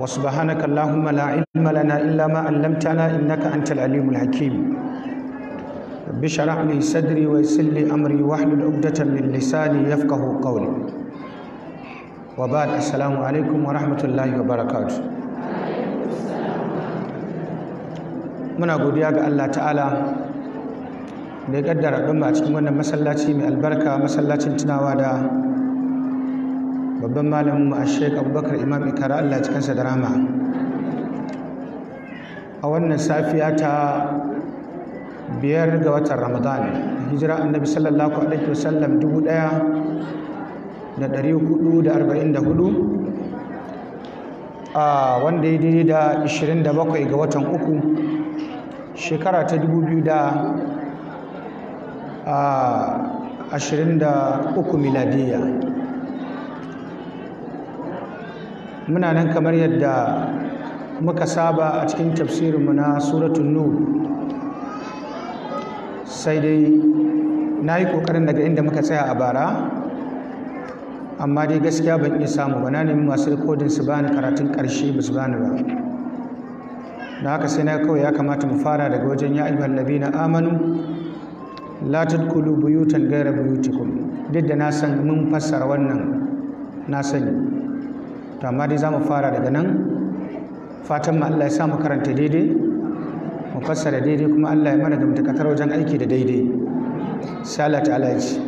وسبحانك اللهم لا علم لنا إلا ما علمتنا إنك أنت العليم الحكيم رب اشرح لي صدري ويسر لي أمري واحلل عقدة من لساني يفقه قولي وبعد السلام عليكم ورحمة الله وبركاته muna godiya ga Allah ta'ala da ya kaddara ɗin a cikin wannan masallaci mai albarka masallacin tunawa da babban malamin mu a shek abubakar imam ikara allah cikinsa da rama a wannan safiya ta biyar ga watan ramadan hijira annabi sallallahu alaihi wasallam dubu daya da dari hudu da arba'in da hudu a wanda ya daidai da ishirin da bakwai ga watan uku shekara ta dubu biyu da ashirin da uku miladiyya muna nan kamar yadda muka saba a cikin tafsirinmu na suratun nu sai dai na yi ƙoƙarin daga inda muka tsaya a bara amma dai gaskiya ban iya samu ba na nemi masu rikodin su bani karatun ƙarshe ba su bani ba da haka sai na kawai ya kamata mu fara daga wajen ya ayyuhal na amanu latin kulu buyutan ghayra buyutikum duk da na san mun fassara wannan na sani to amma dai za mu fara daga nan fatan mu Allah ya sa mu karanta daidai mu fassara daidai kuma Allah ya mana da mutakatar wajen aiki da daidai salatu Allah ta'ala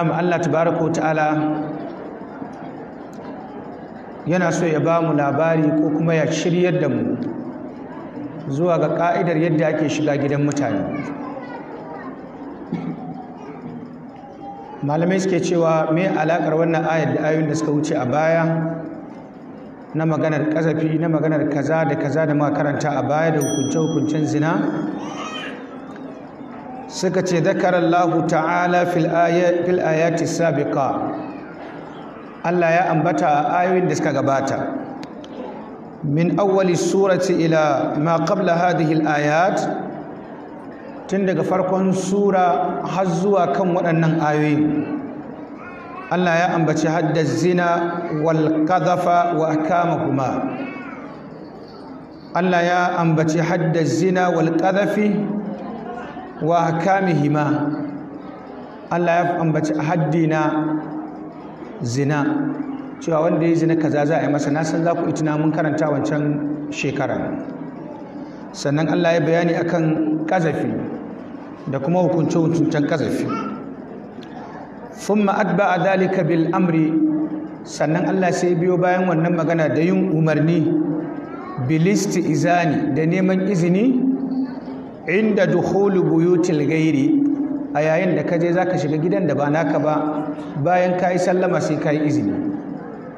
na'am Allah tabaraka ta'ala yana so ya ba mu labari ko kuma ya shiryar da mu zuwa ga ka'idar yadda ake shiga gidan mutane malamai suke cewa me alakar wannan ayar da ayoyin da suka wuce a baya na maganar kazafi na maganar kaza da kaza da makaranta a baya da hukunce-hukuncen zina suka ce zakarallahu ta'ala fil ayati sabiqa Allah ya ambata a ayoyin da suka gabata min awwali surati ila ma qabla hadhihi al-ayat tun daga farkon sura har zuwa kan waɗannan ayoyi Allah ya ambaci hadda zina wal kadhafa wa ahkamahuma Allah ya ambaci hadda zina wal kadhafi wa hima Allah ya ambaci haddi na zina cewa wanda ya zina kaza za a yi masa na san za ku itina mun karanta wancan shekara sannan Allah ya bayani akan kazafi da kuma hukunci hukuncen kazafi thumma atba'a dhalika bil amri sannan Allah sai biyo bayan wannan magana da yin umarni bilisti izani da neman izini inda dukhulu buyutil gairi a yayin da kaje zaka shiga gidan da ba naka ba bayan kai sallama sai kai izini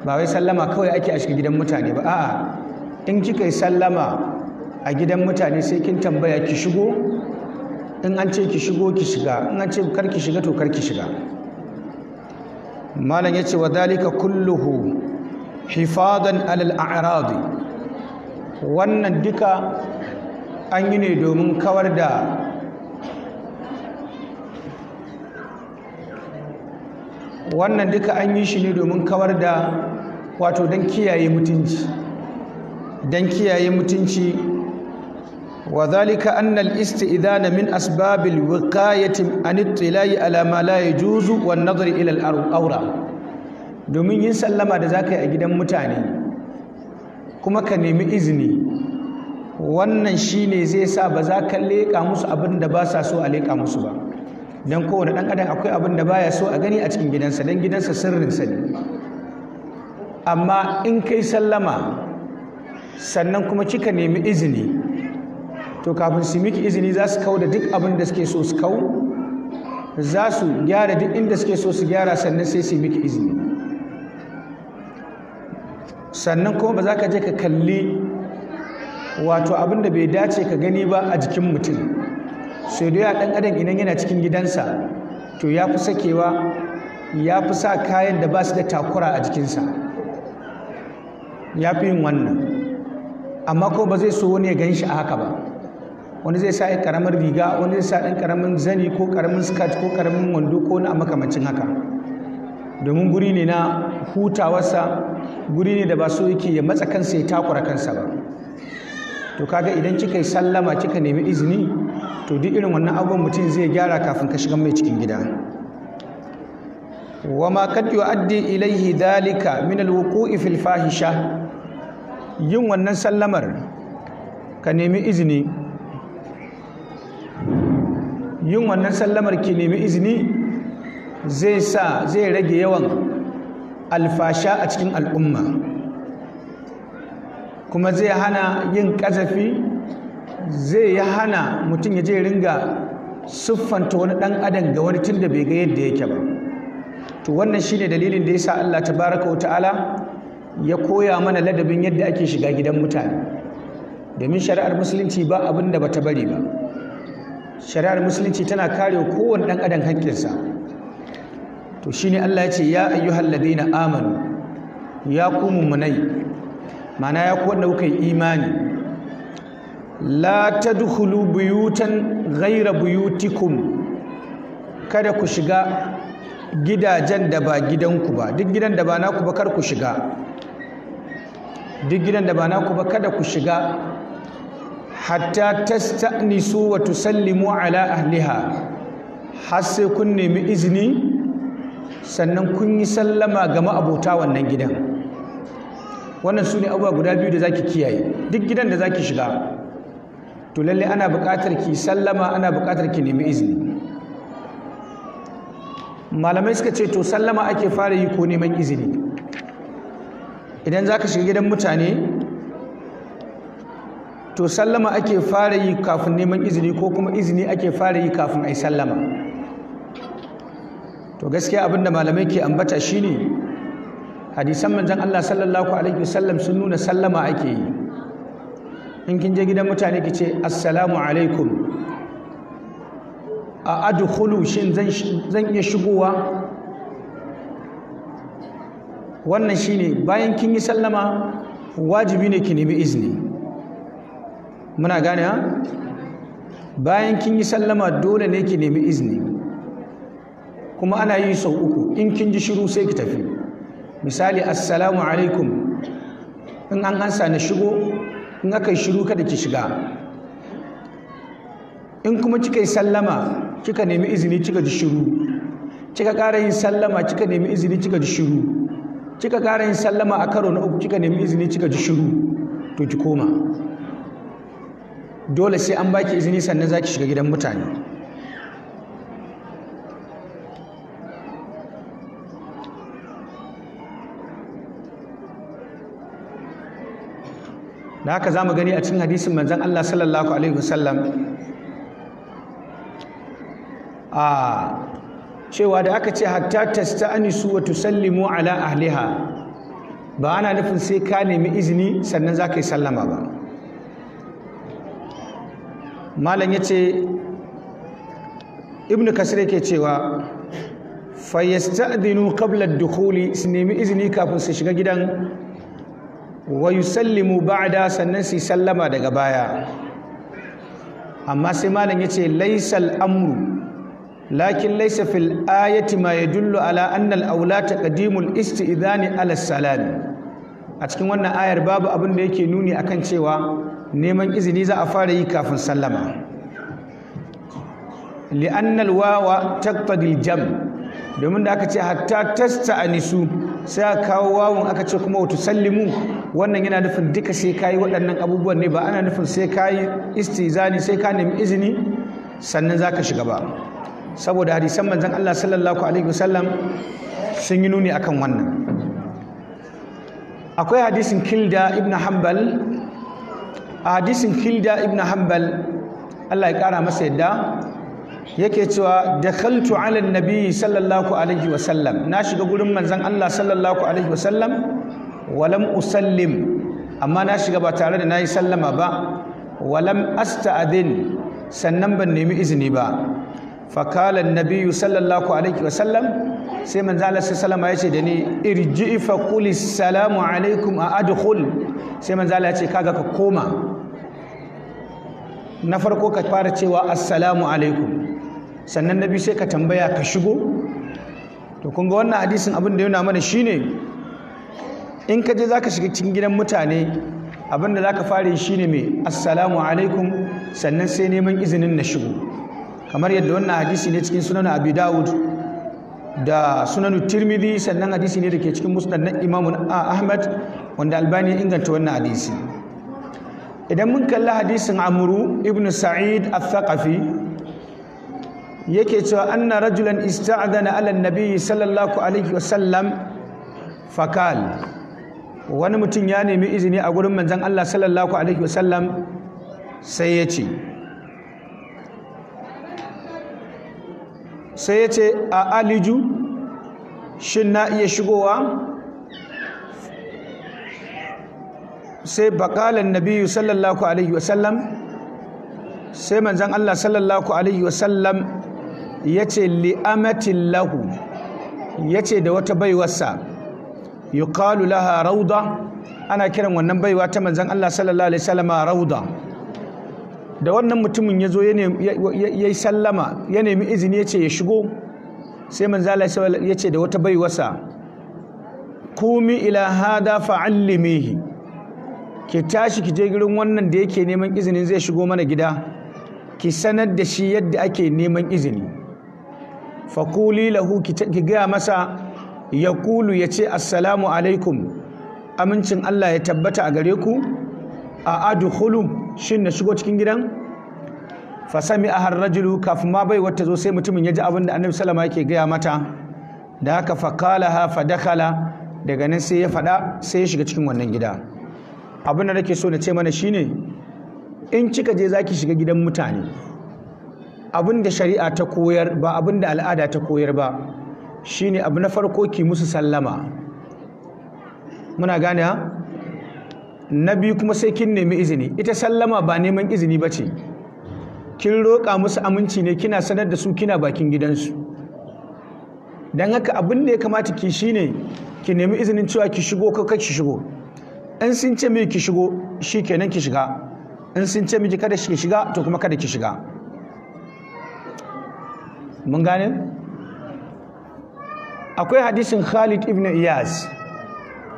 ba wai sallama kawai ake a shiga gidan mutane ba a'a in kika yi sallama a gidan mutane sai kin tambaya ki shigo in an ce ki shigo ki shiga in an ce kar ki shiga to kar ki shiga malam yace wa dalika kulluhu hifadan alal a'radi wannan duka an yi ne domin kawar da wannan duka an yi shi ne domin kawar da wato don kiyaye mutunci don kiyaye mutunci wa zalika annal isti'dana min asbabil wiqayati an ittila'i ala ma la yajuzu wan nazar ila al awra domin yin sallama da zakai a gidan mutane kuma ka nemi izini wannan shi ne zai sa ba za ka leƙa musu abin da ba sa so a leƙa musu ba don kowane ɗan adam akwai abin da baya so a gani a cikin gidansa don gidansa sirrinsa ne amma in kai sallama sannan kuma kika nemi izini to kafin su miki izini za su kau da duk abin da suke so su kau za su gyara duk inda suke so su gyara sannan sai su miki izini sannan kuma ba za ka je ka kalli wato abin da bai dace ka gani ba a jikin mutum sai dai ɗan adam idan yana cikin gidansa to ya fi sakewa ya fi sa kayan da ba su da takura a jikinsa ya fi yin wannan amma ko ba zai so wani ya gan shi a haka ba wani zai sa karamar riga wani zai sa ɗan karamin zani ko karamin skirt ko karamin wando ko na makamancin haka domin guri ne na hutawarsa guri ne da ba so yake ya matsa kansa ya takura kansa ba to kaga idan kika yi sallama kika nemi izini to duk irin wannan abubuwan mutum zai gyara kafin ka shiga mai cikin gida wa ma kad yu'addi ilayhi dhalika min alwuqu'i fil fahisha yin wannan sallamar ka nemi izini yin wannan sallamar ki nemi izini zai sa zai rage yawan alfasha a cikin al'umma kuma zai hana yin ƙazafi zai ya hana mutum ya je ringa siffanta wani ɗan adam ga wani tun da bai ga yadda yake ba to wannan shine dalilin da ya sa Allah Ta baraka wa ta'ala ya koya mana ladabin yadda ake shiga gidan mutane domin shari'ar musulunci ba abin da bata bari ba shari'ar musulunci tana kare kowane ɗan adam hankinsa to ne Allah ya ce ya ayyuhal ladina amanu ya ku mummunai mana ya kuwa ɗaukan imani la ta dukulu buyutan gaira buyutikum kada ku shiga gidajen da ba gidanku ba duk gidan da ba naku ba kar ku shiga duk gidan da ba naku ba kada ku shiga hatta tasta'nisu wa tusallimu ala ahliha har sai kun nemi izini sannan kun yi sallama ga ma'abota wannan gidan wannan su ne abubuwa guda biyu da zaki kiyaye duk gidan da zaki shiga to lalle ana buƙatar ki sallama ana buƙatar ki nemi izini malamai suka ce to sallama ake fara yi ko neman izini idan zaka shiga gidan mutane to sallama ake fara yi kafin neman izini ko kuma izini ake fara yi kafin ai sallama to gaskiya abinda malamai ke ambata shine hadisan manzon Allah sallallahu alaihi wasallam sun nuna sallama ake yi in kin je gidan mutane ki ce assalamu alaikum a adkhulu shin zan zan iya shigowa wannan shine bayan kin yi sallama wajibi ne ki nemi izini muna gane ha bayan kin yi sallama dole ne ki nemi izini kuma ana yi sau uku in kin ji shiru sai ki tafi misali assalamu alaikum in an ansa na shigo in aka yi shiru kada ki shiga in kuma kika yi sallama kika nemi izini kika ji shiru kika ƙara yin sallama kika nemi izini kika ji shiru kika ƙara yin sallama a karo na uku kika nemi izini kika ji shiru to ki koma dole sai an baki izini sannan zaki shiga gidan mutane da haka zamu gani a cikin hadisin manzan Allah sallallahu alaihi wasallam a cewa da aka ce hatta tasta'nisu wa tusallimu ala ahliha ba ana nufin sai ka nemi izini sannan za ka yi sallama ba malam ya ce ibn kasir yake cewa fayyasta adinu kablar dukhuli su nemi izini kafin su shiga gidan wa yusallimu ba'da sannan su sallama daga baya amma sai malam ya ce laisal amru lakin laysa fil ayati ma yadullu ala anna al awlata qadimul istidani ala salam a cikin wannan ayar babu abin da yake nuni akan cewa neman izini za a fara yi kafin sallama li'annal wawa taqtadil jam domin da aka ce hatta tasta anisu sai a kawo wawun aka ce kuma wata sallimu wannan yana nufin duka sai kayi waɗannan abubuwan ne ba ana nufin sai kayi istizani sai ka nemi izini sannan za ka shiga ba saboda hadisan manzon Allah sallallahu alaihi wasallam sun yi nuni akan wannan akwai hadisin Kilda ibn Hanbal a hadisin Kilda ibn Hanbal Allah ya kara masa yadda yake cewa khaltu ala nabi sallallahu alaihi wasallam na shiga gurin manzon Allah sallallahu alaihi wasallam walam usallim amma na shiga ba tare da nayi sallama ba walam asta'adin sannan ban nemi izini ba fakala nabiyu sallallahu alaihi wasallam sai manzo Allah sallama yace da ni irji fa qul assalamu alaikum a adkhul sai manzo Allah yace kaga ka koma na farko ka fara cewa assalamu alaikum sannan nabi sai ka tambaya ka shigo to kun ga wannan hadisin abin da yana mana shine in ka je za ka shiga cikin gidan mutane abinda zaka fara ne mai assalamu alaikum sannan sai neman izinin na shigo kamar yadda wannan hadisi ne cikin sunan abu Dawud da sunan turmidi sannan hadisi ne da ke cikin musnad na Imam Ahmad wanda Albani ya inganta wannan hadisi idan mun kalli hadisin Amru ibn Sa'id al-Thaqafi yake cewa anna rajulan ista'adana ala nabi sallallahu alaihi wasallam fakal wani mutum ya nemi izini a gurin manzan Allah sallallahu alaihi wasallam sai ya ce sai ya ce a aliju shin na iya shigowa sai bakalan nabiyu sallallahu alaihi wasallam sai manzan Allah sallallahu alaihi wasallam ya ce li'amatin lahu ya ce da wata baiwarsa wasa yuqalu laha rauda ana kiran wannan baiwa ta manzon Allah sallallahu alaihi wasallam rauda da wannan mutumin ya zo ya sallama ya nemi izini ya ce ya shigo sai manzala ya ce da wata baiwasa kumi ila hada fa'allimihi ki tashi ki je gurin wannan da yake neman izinin zai shigo mana gida ki sanar da shi yadda ake neman izini fakuli lahu ki gaya masa ya kulu ya ce assalamu alaikum amincin Allah ya tabbata a gare ku a hulu shi na shigo cikin gidan fasami a ar-rajulu kafin ma bai wata zo sai mutumin ya ji abin da Annabi salama yake gaya mata da haka fakala ha fadakala daga nan sai ya fada sai ya shiga cikin wannan gida abin da nake so na ce mana shine in kika je zaki shiga gidan mutane abin da shari'a ta koyar ba abin da al'ada ta koyar ba shine abu na farko ki musu sallama muna gane na biyu kuma sai kin nemi izini ita sallama ba neman izini ba ce kin roƙa musu aminci ne kina sanar da su kina bakin gidansu don haka abin da ya kamata ki shine ki nemi izinin cewa ki shigo ko kai ki shigo in sun ce mai ki shigo shi kenan ki shiga in sun ce miki kada ki shiga to kuma kada ki shiga mun gane akwai hadisin Khalid ibn Iyas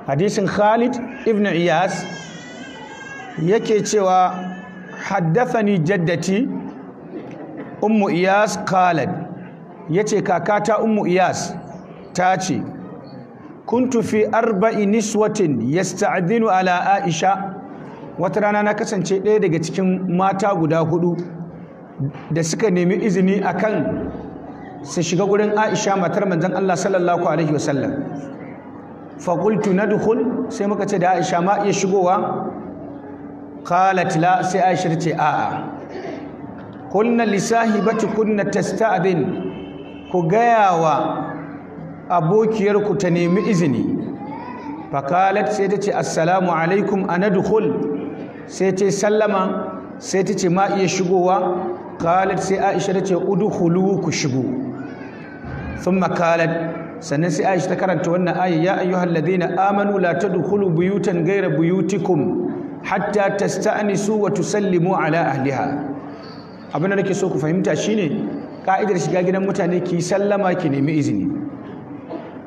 hadisin Khalid ibn Iyas yake cewa haddathani jaddati ummu Iyas qalat yace kakata ummu Iyas ta ce kuntu fi arba'i niswatin yasta'dinu ala Aisha wata rana na kasance ɗaya daga cikin mata guda hudu da suka nemi izini akan sai shiga gurin Aisha matar manzon Allah sallallahu alaihi wasallam fa qultu nadkhul sai muka ce da Aisha ma iya shigowa qalat la sai Aisha ce a'a kunna li sahibati kunna tasta'din ku gayawa abokiyarku ta nemi izini fa fakalat sai ta ce assalamu alaikum a nadkhul sai ta ce sallama sai ta ce ma iya shigowa qalat sai aisha ta ce udkhulu ku shigo thumma qalat sannan sai Aisha ta karanta wannan aya ya ayyuhal ladina amanu la tadkhulu buyutan ghayra buyutikum hatta tasta'nisu wa tusallimu ala ahliha abin da nake so ku fahimta shine ka'idar shiga gidan mutane ki sallama ki nemi izini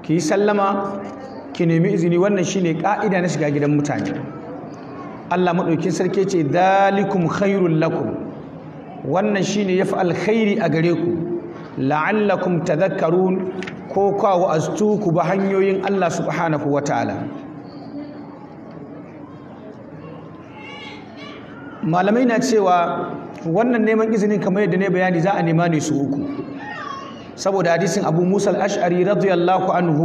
ki sallama ki nemi izini wannan shine ka'ida na shiga gidan mutane Allah madaukin sarki ce dalikum khairul lakum wannan shine ya fi alkhairi a gare ku la'allakum tadhakkarun ko kwa wa astuku ba hanyoyin Allah subhanahu ta'ala malamai na cewa wannan neman izinin kamar yadda ne bayani za a nema ne su uku saboda hadisin abu musa al-ash'ari radiyallahu anhu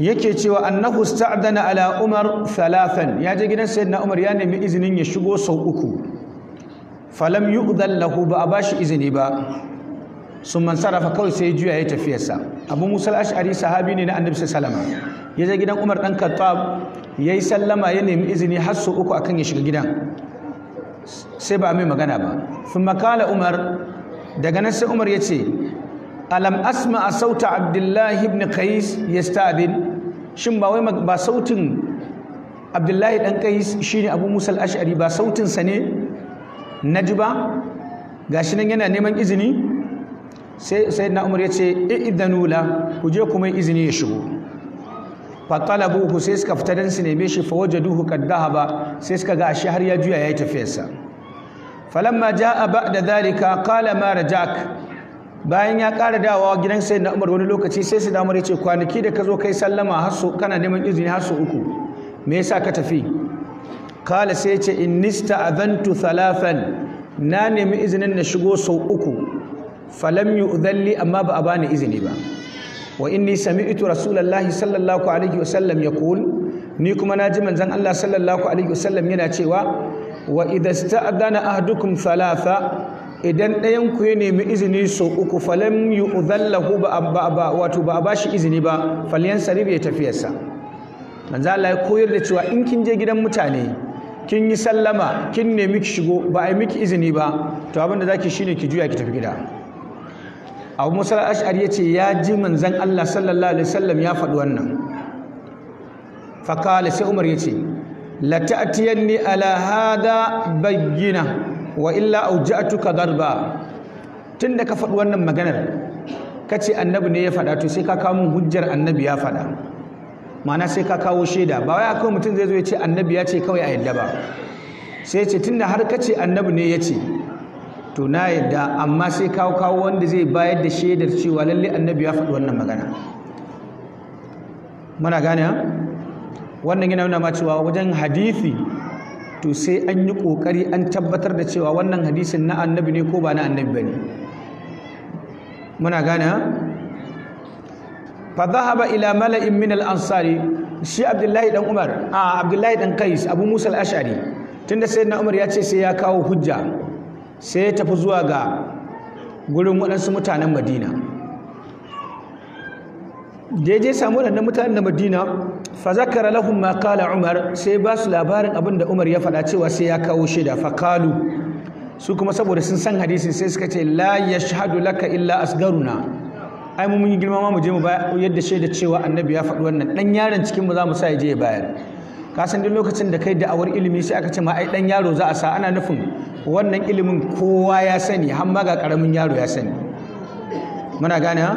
yake cewa annahu sta'dana ala umar thalathan ya je gidan sayyidina umar ya nemi izinin ya shigo sau uku falam yu'dhan lahu ba a bashi izini ba sun sarrafa kawai sai juya ya tafiyarsa abu musul ash'ari sahabi ne na annabi salama ya je gidan umar dan khattab ya yi sallama ya nemi izini har su uku akan ya shiga gidan sai ba mai magana ba sun makala umar daga nan sai umar ya ce alam asma a sauta abdullahi ibn qais yastadin shin ba wai ba sautin abdullahi dan qais shine abu musul ash'ari ba sautin sa ne naji ba gashi nan yana neman izini sai sayyidina umar yace idanula ku je kuma izini ya shigo fa ku sai suka fita dan su neme shi fa wajaduhu kad dhahaba sai suka ga shi har ya juya yayi tafiyarsa falamma jaa ba'da dhalika qala ma rajak bayan ya ƙara dawowa gidan sayyidina umar wani lokaci sai su damar yace kwanaki da ka zo kai sallama har so kana neman izini har so uku me yasa ka tafi kala sai yace innista azantu thalathan na nemi izinin na shigo sau uku falam udalli amma ba a bani izini ba wa inni sami'tu rasulullahi sallallahu alaihi wasallam yaqul ni kuma na ji manzan Allah sallallahu alaihi wasallam yana cewa wa idza a ahdukum thalatha idan ɗayan ku ya nemi izini so uku falam yu'dhallahu ba ba wato ba a bashi izini ba falyan sarib ya tafiyarsa manzon Allah ya koyar da cewa in kin je gidan mutane kin yi sallama kin nemi ki shigo ba a yi miki izini ba to abin da zaki shine ki juya ki tafi gida abu musa ash'ari ya ce ya ji manzan allah sallallahu alaihi wasallam ya faɗi wannan fakala sai umar ya ce lata'tiyanni ala hada bayyina wa illa auja'tuka darba tunda ka faɗi wannan maganar kace annabi ne ya faɗa to sai ka kawo min hujjar annabi ya faɗa ma'ana sai ka kawo shaida ba wai akwai mutum zai zo ya ce annabi ya ce kawai a yadda ba sai ce tunda har kace annabi ne ya ce to na yadda amma sai kawo kawo wanda zai bayar da shaidar cewa lalle annabi ya faɗi wannan magana muna gane wannan yana nuna ma cewa wajen hadisi to sai an yi ƙoƙari an tabbatar da cewa wannan hadisin na annabi ne ko ba na annabi ba ne muna gane fa zahaba ila mala'in min al-ansari shi abdullahi dan umar a abdullahi dan qais abu musa al-ash'ari tunda sayyidina umar ya ce sai ya kawo hujja sai ya tafi zuwa ga gurin waɗansu mutanen madina da ya je samu waɗannan mutanen da madina fa zakara lahum ma umar sai ba su labarin abin da umar ya faɗa cewa sai ya kawo shaida fa qalu su kuma saboda sun san hadisin sai suka ce la ya yashhadu laka illa asgaruna ai mun mun girma mu je mu yadda shaida cewa annabi ya faɗi wannan dan yaron cikin mu za mu sa ya je ya bayar ka san duk lokacin da kai da'awar ilimi sai aka ce ma ai dan yaro za a sa ana nufin wannan ilimin kowa ya sani hamma ga karamin yaro ya sani muna gane ha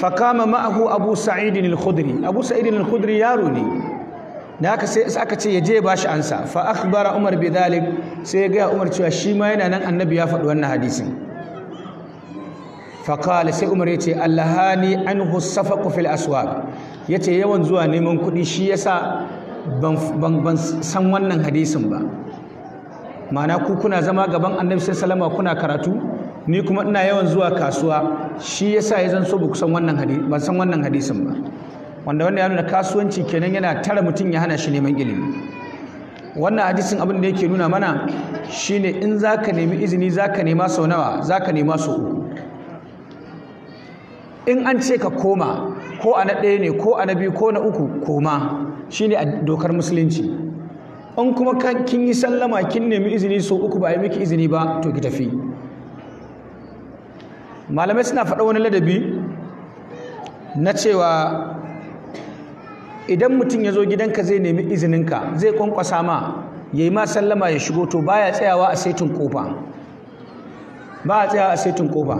fakama ma'ahu abu sa'idin al-khudri abu sa'idin al-khudri yaro ne da aka sai aka ce ya je ba ansa fa akhbara umar bi sai ya ga umar cewa shi ma yana nan annabi ya faɗi wannan hadisin fa qala sai umar yace allahani anhu safaqu fil aswaq yace yawan zuwa neman kuɗi shi yasa ban ban san wannan hadisin ba ma'ana ku kuna zama gaban annabi salama kuna karatu ni kuma ina yawan zuwa kasuwa shi yasa ya zan so ba san wannan hadisi ban san wannan hadisin ba wanda wanda ya nuna kasuwanci kenan yana tara mutum ya hana shi neman ilimi wannan hadisin abin da yake nuna mana shine in zaka nemi izini zaka nema sau nawa zaka nema sau uku in an ce ka koma ko a na ɗaya ne ko a na biyu ko na uku koma shine a dokar musulunci an kuma kin yi sallama kin nemi izini so uku ba yi miki izini ba to ki tafi malamai suna faɗa wani ladabi na cewa idan mutum ya zo gidanka zai nemi izininka zai kwankwasa ma ya yi ma sallama ya shigo to baya tsayawa a saitin kofa ba a tsayawa a saitin kofa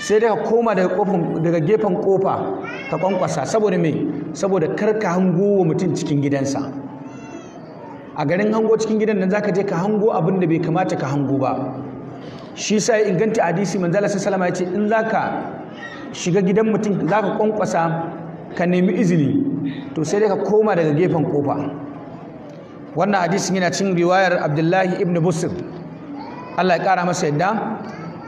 sai daga koma daga gefen kofa ka kwankwasa saboda mai saboda karka hango wa mutum cikin gidansa a garin hango cikin gidan nan zaka je ka hango abin da bai kamata ka hango ba shi sa ya inganta hadisi manzala alaihi wasallam ya ce in zaka shiga gidan mutum zaka kwankwasa ka nemi izini to sai dai ka koma daga gefen kofa wannan hadisin yana cikin riwayar abdullahi ibn busir Allah ya kara masa yadda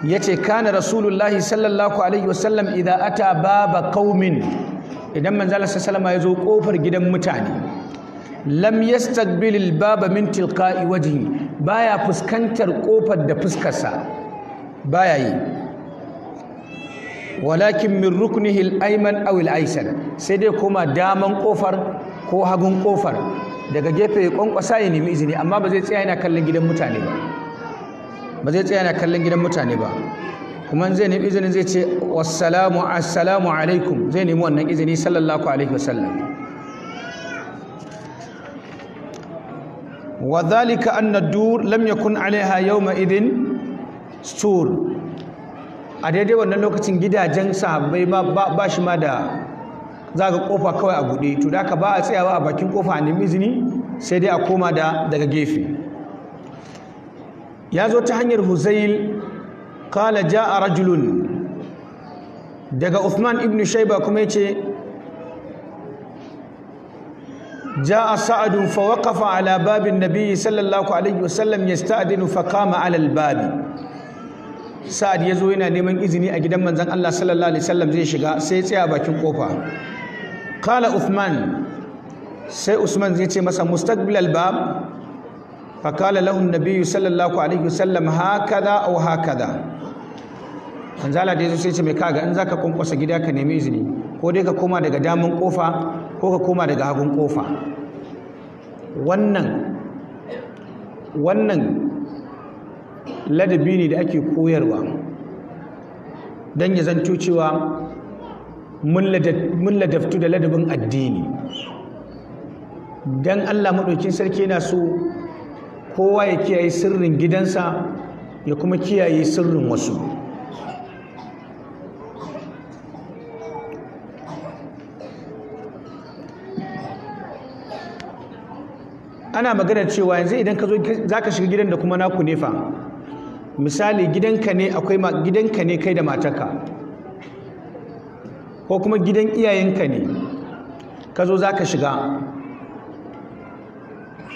yace kana rasulullahi sallallahu alaihi wasallam idan ata baba kaumin idan manzala alaihi wasallam ya zo kofar gidan mutane lam yastaqbil al-baba min tilqa'i wajhi baya fuskantar kofar da fuskarsa baya yi walakin min ruknihi al-ayman aw al-aysar sai dai kuma daman kofar ko hagun kofar daga gefe ya kwankwasa ya nemi izini amma ba zai tsaya yana kallon gidan mutane ba ba zai tsaya yana kallon gidan mutane ba kuma zai nemi izini zai ce wassalamu assalamu alaikum zai nemi wannan izini sallallahu alaihi wasallam وذلك أن lam yakun yau yawma idin sur a daidai wannan lokacin gidajen sahabbai ma ba shi ma da za ga kofa kawai a buɗe to da ka ba a tsayawa a bakin kofa a nemi izini sai dai a koma da daga gefe ya zo ta hanyar huzail kala ja a rajulun daga Uthman ibn Shaiba kuma ce. جاء سعد فوقف على باب النبي صلى الله عليه وسلم يستأذن فقام على الباب سعد يزو yana neman izini a gidan manzon Allah sallallahu alaihi wasallam zai shiga sai ya tsaya bakin kofa qala uthman sai usman zai ce masa mustaqbil albab fa qala lahu an-nabi sallallahu alaihi wasallam hakada aw hakada manzo Allah da yazo sai ce mai kaga in zaka kunkusa gida ka nemi izini ko dai ka koma daga damun kofa ko ka koma daga hagun kofa wannan wannan ladabi ne da ake koyarwa don ya zanto cewa mun ladabtu da ladabin addini don allah maɗaukin sarki yana so kowa ya kiyaye sirrin gidansa ya kuma kiyaye sirrin wasu ana magana cewa yanzu idan ka zo za ka shiga gidan da kuma naku ku nefa misali gidanka ne akwai gidanka ne kai da matarka ko kuma gidan iyayenka ne ka zo za ka shiga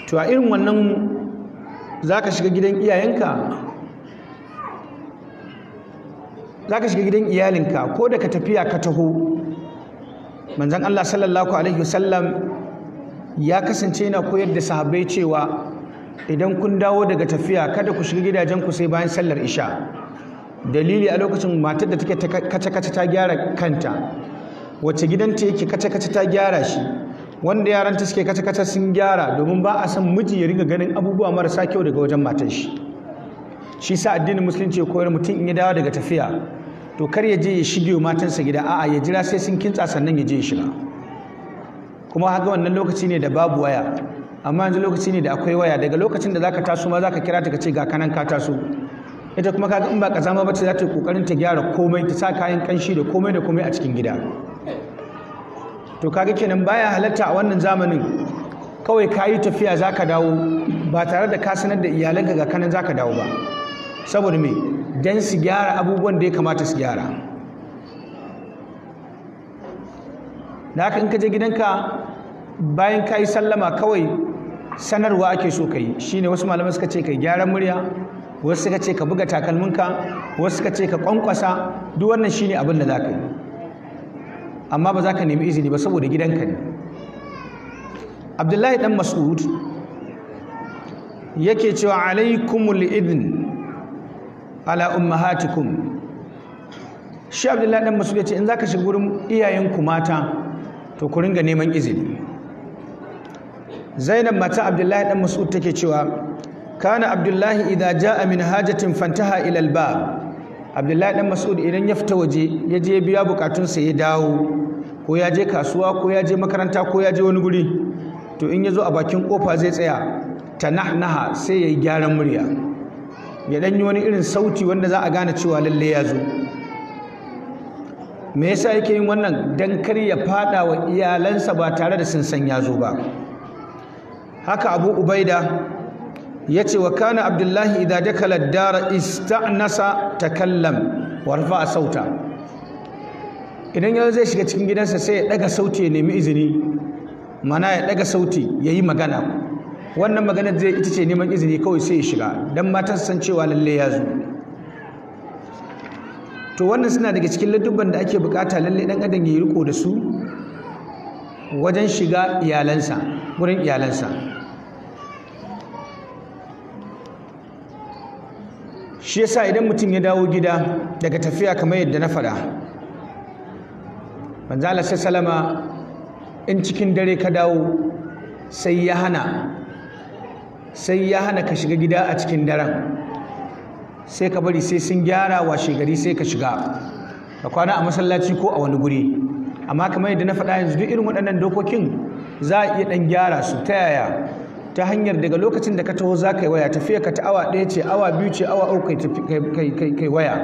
to a irin wannan za ka shiga gidan iyayenka za ka shiga gidan iyalinka ko da ka tafiya ka taho manzan allah sallallahu alaihi wasallam ya kasance yana koyar da sahabbai cewa idan kun dawo daga tafiya kada ku shiga gidajen ku sai bayan sallar isha dalili a lokacin matar da take kace kace ta gyara kanta wacce gidanta yake kace kace ta gyara shi wanda yaranta suke kace kace sun gyara domin ba a san miji ya riga ganin abubuwa marasa kyau daga wajen matar shi shi sa addinin musulunci ya koyar mutum in ya dawo daga tafiya to kar ya je ya shige matansa gida a'a ya jira sai sun kintsa sannan ya je ya shiga kuma haka wannan lokaci ne da babu waya amma yanzu lokaci ne da akwai waya daga lokacin da zaka taso ma zaka kira ta kace ga kanan ka taso ita kuma kaga in ba zama ba ce za ta yi kokarin ta gyara komai ta sa kayan kanshi da komai da komai a cikin gida to kaga kenan baya halatta a wannan zamanin kawai ka yi tafiya zaka dawo ba tare da ka sanar da iyalanka ga kanan zaka ka dawo ba saboda me dan su gyara abubuwan da ya kamata su gyara da haka in ka je gidanka bayan ka yi sallama kawai sanarwa ake so ka yi shine wasu malamai suka ce ka gyaran murya wasu suka ce ka buga takalminka wasu suka ce ka kwankwasa duk wannan shine abin da za ka yi amma ba za ka nemi izini ba saboda gidanka ne abdullahi dan mas'ud yake cewa alaikumul idin ala ummahatikum shi abdullahi dan mas'ud yace in zaka shiga gurin iyayenku mata to ku ringa neman izini zainab mata abdullahi dan mas'ud take cewa kana abdullahi idza jaa min hajatin fantaha ila albab abdullahi dan mas'ud idan ya fita waje ya je biya bukatun sa ya dawo ko ya je kasuwa ko ya je makaranta ko ya je wani guri to in ya zo a bakin kofa zai tsaya tanahnaha sai ya yi gyaran murya ya danyi wani irin sauti wanda za a gane cewa lalle ya zo me yasa yake yin wannan dan kar ya fada wa iyalansa ba tare da sun san ya zo ba haka abu ubaida ya ce wa kana abdullahi idan dakala dara istanasa takallam wa rafa sauta idan ya zai shiga cikin gidansa sai ya daga sauti ya nemi izini mana ya daga sauti ya yi magana wannan maganar zai ita ce neman izini kawai sai ya shiga dan matan san cewa lalle ya zo to wannan suna daga cikin ladubban da ake bukata lalle dan adam ya riko da su wajen shiga iyalansa gurin iyalansa shi yasa idan mutum ya dawo gida daga tafiya kamar yadda na faɗa manzo Allah salama in cikin dare ka dawo sai ya hana sai ya hana ka shiga gida a cikin daren sai ka bari sai sun gyara washe gari sai ka shiga ka kwana a masallaci ko a wani guri amma kamar yadda na faɗa yanzu duk irin waɗannan dokokin za a iya ɗan gyara su ta yaya ta hanyar daga lokacin da ka taho za ka yi waya tafiya ka ta awa ɗaya ce awa biyu ce awa uku kai waya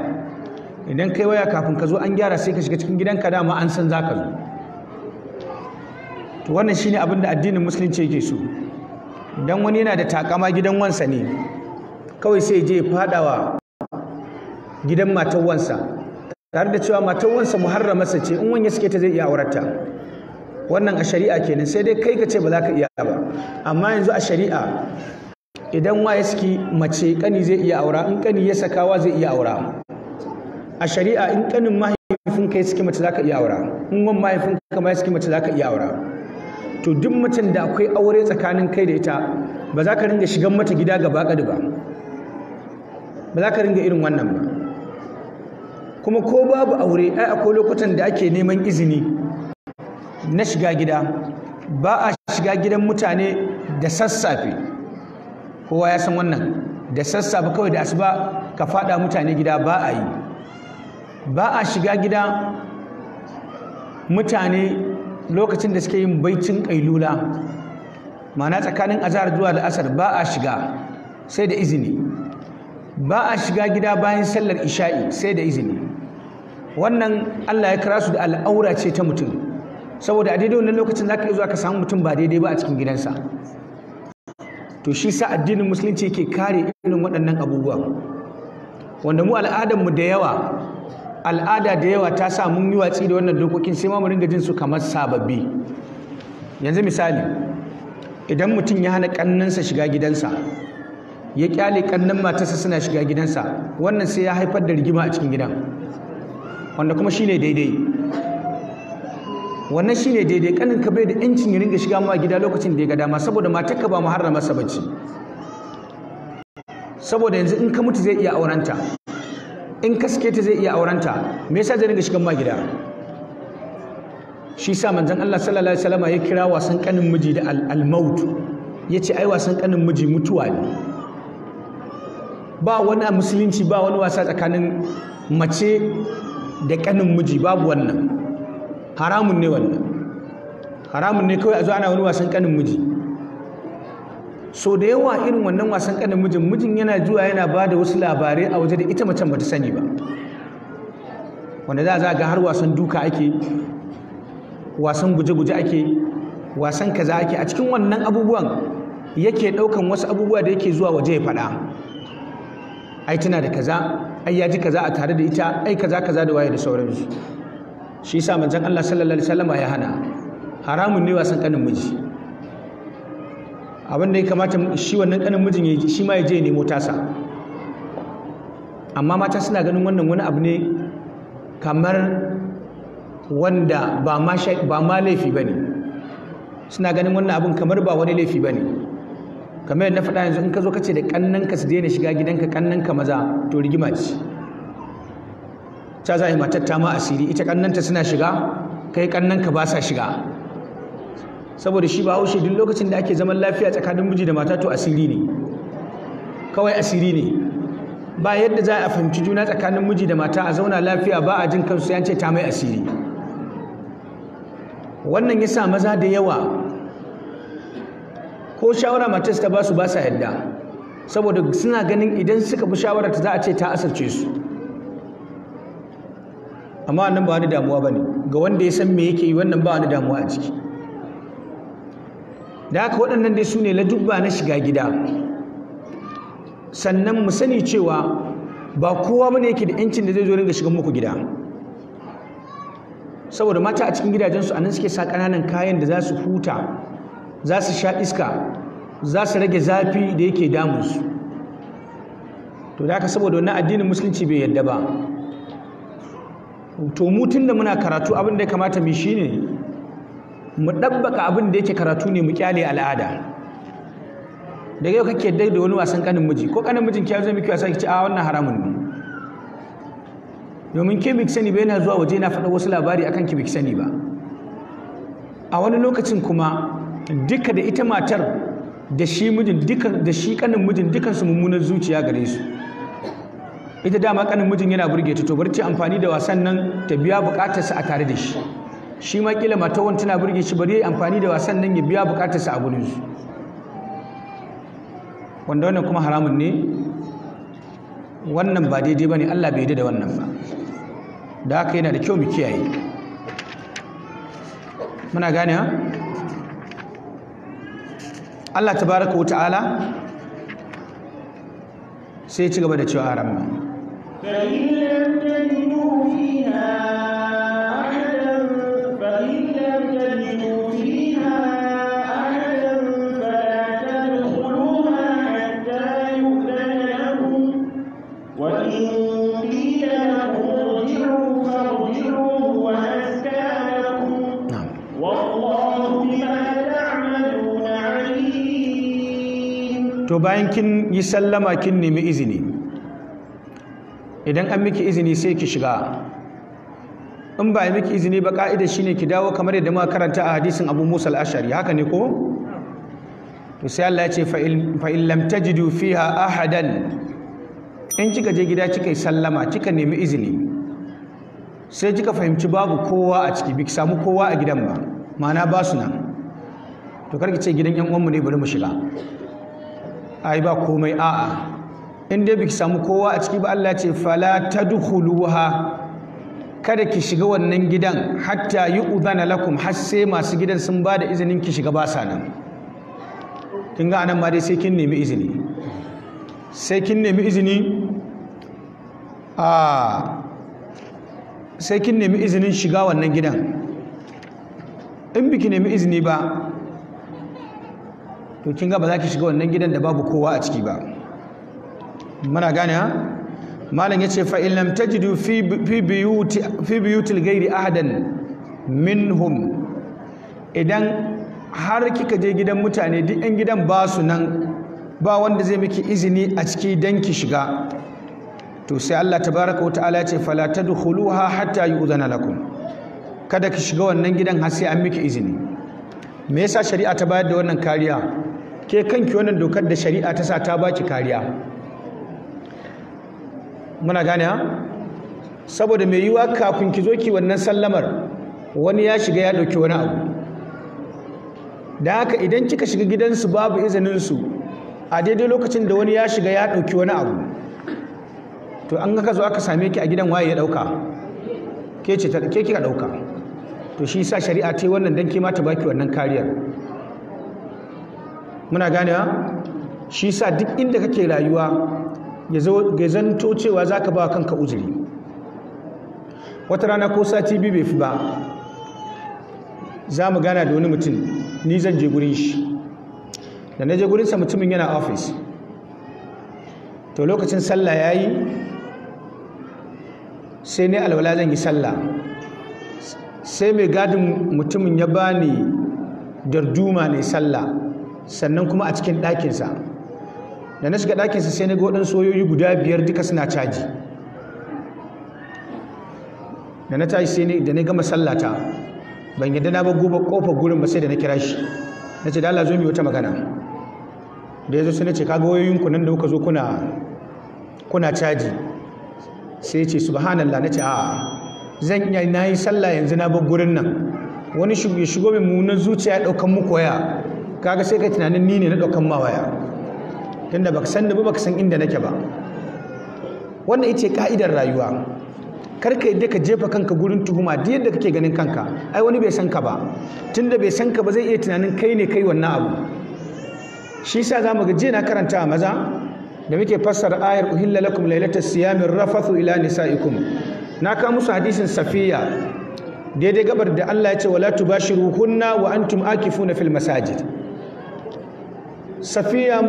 idan kai waya kafin ka zo an gyara sai ka shiga cikin gidanka dama an san za ka zo to wannan shine abin da addinin musulunci yake so dan wani yana da takama gidan wansa ne kawai sai je fadawa gidan matan wansa tare da cewa matan wansa muharramarsa ce in wani suke ta zai iya aurarta wannan a shari'a kenan sai dai kai ka ce ba za ka iya ba amma yanzu a shari'a idan waye suke mace kani zai iya aura in kani ya sakawa zai iya aura a shari'a in kanin mahaifin kai ya mace za ka iya aura in wan mahaifin ka mai ya mace za ka iya aura to duk mutum da akwai aure tsakanin kai da ita ba za ka ringa shigan mata gida gaba gadi ba ba za ka ringa irin wannan ba kuma ko babu aure ai akwai lokutan da ake neman izini na shiga gida ba a shiga gidan mutane da sassafe kowa ya san wannan da sassafe kawai da asuba ka fada mutane gida ba a yi ba a shiga gida mutane lokacin da suke yin baicin kailula ma'ana tsakanin azar zuwa da asar ba a shiga sai da izini ba a shiga gida bayan sallar isha'i sai da izini wannan Allah ya kira su da al'aura ce ta mutum saboda a daidai wannan lokacin zaka iya zuwa ka samu mutum ba daidai ba a cikin gidansa to shi sa addinin musulunci ke kare irin waɗannan abubuwa wanda mu al'adarmu da yawa al'ada da yawa ta sa mun yi watsi da wannan dokokin sai ma mu ringa jin su kamar sababbi yanzu misali idan mutum ya hana ƙannansa shiga gidansa ya kyale kannan matarsa suna shiga gidansa wannan sai ya haifar da rigima a cikin gidan wanda kuma shine daidai wannan shine daidai kanin ka bai da incin ya ringa shiga ma gida lokacin da ya ga dama saboda ka ba har sa bacci saboda yanzu in ka mutu zai iya aurenta in ka suke ta zai iya aurenta me yasa zai ringa shigan ma gida shi sa manzon Allah sallallahu alaihi wasallam ya kira wasan kanin miji da al-maut yace ai wasan kanin miji mutuwa ne ba wani a musulunci ba wani wasa tsakanin mace da kanin miji babu wannan haramun ne wannan haramun ne kawai a zo ana wani wasan kanin miji so da yawa irin wannan wasan kanin mijin mijin yana zuwa yana ba da wasu labarai a waje da ita macen bata sani ba wanda za a ga har wasan duka ake wasan guje-guje ake wasan kaza ake a cikin wannan abubuwan yake ɗaukan wasu abubuwa da yake zuwa waje ya faɗa ai tana da kaza ai ya ji kaza a tare da ita ai kaza kaza da waye da sauransu shi yasa manzon Allah sallallahu alaihi wasallam ya hana haramun ne wasan kanin miji abin da ya kamata shi wannan kanin mijin ya shi ma ya je nemo tasa amma mata suna ganin wannan wani abu ne kamar wanda ba ma laifi ba ne suna ganin wannan abin kamar ba wani laifi ba ne kamar yadda na faɗa yanzu in ka zo ka ce da ƙannanka su daina shiga gidanka ƙannanka maza to rigima ce ta za a yi matar ta ma asiri ita ƙannanta suna shiga kai ƙannanka ba sa shiga saboda shi ba haushe duk lokacin da ake zaman lafiya tsakanin miji da mata to asiri ne kawai asiri ne ba yadda za a fahimci juna tsakanin miji da mata a zauna lafiya ba a jin kansu yance ta mai asiri wannan ya sa maza da yawa ko shawara matar ta basu basa yadda saboda suna ganin idan suka bi shawarar za a ce ta asarce su amma wannan ba wani damuwa ba ne ga wanda ya san me yake yi wannan ba wani damuwa a ciki da haka waɗannan dai su ne ladubba na shiga gida sannan mu sani cewa ba kowa ne yake da yancin da zai zo ringa shigan muku gida saboda mata a cikin gidajensu a nan suke sa ƙananan kayan da za su huta za su sha iska za su rage zafi da yake damunsu to da saboda wani addinin musulunci bai yadda ba to mutum da muna karatu abin da ya kamata mu shine mu ɗabbaka abin da yake karatu ne mu kyale al'ada daga yau kake dai da wani wasan kanin miji ko kanin mijin ki zo miki wasa ki ce a ah, wannan haramun ne domin ke biki sani bai na zuwa waje na faɗa wasu labari akan ki biki sani ba a wani lokacin kuma duka da ita matar da shi mijin duka da shi kanin mijin dukan su mummunar zuciya gare su ita dama kanin mijin yana burge ta to bar ta amfani da wasan nan ta biya sa a tare da shi shi ma kila matar wani tana burge shi bari ya amfani da wasan nan ya biya sa a gurin su wanda wannan kuma haramun ne wannan ba daidai bane Allah bai da wannan ba da haka yana da kyau mu kiyaye muna gane ha Allah tabaraka wa ta'ala sai ci gaba da cewa haramma yi to bayan kin yi sallama kin nemi izini idan an miki izini sai ki shiga in ba miki izini ba ka'ida shine ki dawo kamar yadda muka karanta a hadisin Abu Musa al-Ash'ari haka ne ko to sai Allah ya ce fa in lam fiha ahadan in kika je gida kika yi sallama kika nemi izini sai kika fahimci babu kowa a ciki bi samu kowa a gidan ba ma'ana ba su nan to karki ce gidan yan uwanmu ne bari mu shiga ai ba komai a'a in dai biki samu kowa a ciki ba Allah ce fala tadkhuluha kada ki shiga wannan gidan hatta yu'dhana lakum har sai masu gidan sun ba da izinin ki shiga ba sa nan kin ga anan ma dai sai kin nemi izini sai kin nemi izini a sai kin nemi izinin shiga wannan gidan in biki nemi izini ba to kin ga ba za ki shiga wannan gidan da babu kowa a ciki ba muna gane ha malam yace fa in lam tajidu fi fi biyuti fi biyutil ghairi ahadan minhum idan har kika je gidan mutane duk yan gidan ba su nan ba wanda zai miki izini a ciki dan ki shiga to sai Allah tabaaraka wa ta'ala ce fala tadkhuluha hatta yu'zana lakum kada ki shiga wannan gidan har sai an miki izini me yasa shari'a ta bayar da wannan kariya ke kanki wannan dokar da shari'a ta sa ta baki kariya muna gane ha saboda mai yiwa kafin ki zo ki wannan sallamar wani ya shiga ya ɗauki wani abu da haka idan kika shiga gidansu babu izininsu a daidai lokacin da wani ya shiga ya ɗauki wani abu to an ga ka zo aka same ki a gidan waye ya ɗauka ke ce ke kika ɗauka to shi sa shari'a ta yi wannan dan ke ma ta baki wannan kariyar muna gane shi sa duk inda kake rayuwa ya zanto cewa za ka ba kanka uzuri wata rana ko sati biyu bai fi ba za mu gana da wani mutum ni zan je gurin shi da na je gurinsa mutumin yana ofis to lokacin sallah ya yi sai ne alwala zan yi sallah sai mai gadin mutumin ya bani darduma ne sallah sannan kuma a cikin ɗakinsa da na shiga ɗakinsa sai na ga soyoyi guda biyar duka suna caji da na tashi sai da na gama sallata ban yadda na ba gobe kofar gurin ba sai da na kira shi na ce da Allah zo mu wata magana da ya zo sai na ce kaga wayoyin ku nan da kuka zo kuna kuna caji sai ya ce subhanallah na ce a zan iya na yi sallah yanzu na bar gurin nan wani shigo min mai munan zuciya ya ɗaukan muku waya kaga sai ka tunanin ni ne na ɗaukan mawaya tunda baka san da baka san inda nake ba wannan ita ka'idar rayuwa kar ka yadda ka jefa kanka gurin tuhuma duk yadda kake ganin kanka ai wani bai san ka ba tunda bai san ka ba zai iya tunanin kai ne kai wannan abu shi sa zamu ga jiya na karanta maza da muke fassara ayar uhilla lakum lailatas siyamir rafathu ila nisaikum na ka musu hadisin safiya daidai gabar da Allah ya ce wala hunna wa antum akifuna fil masajid safiya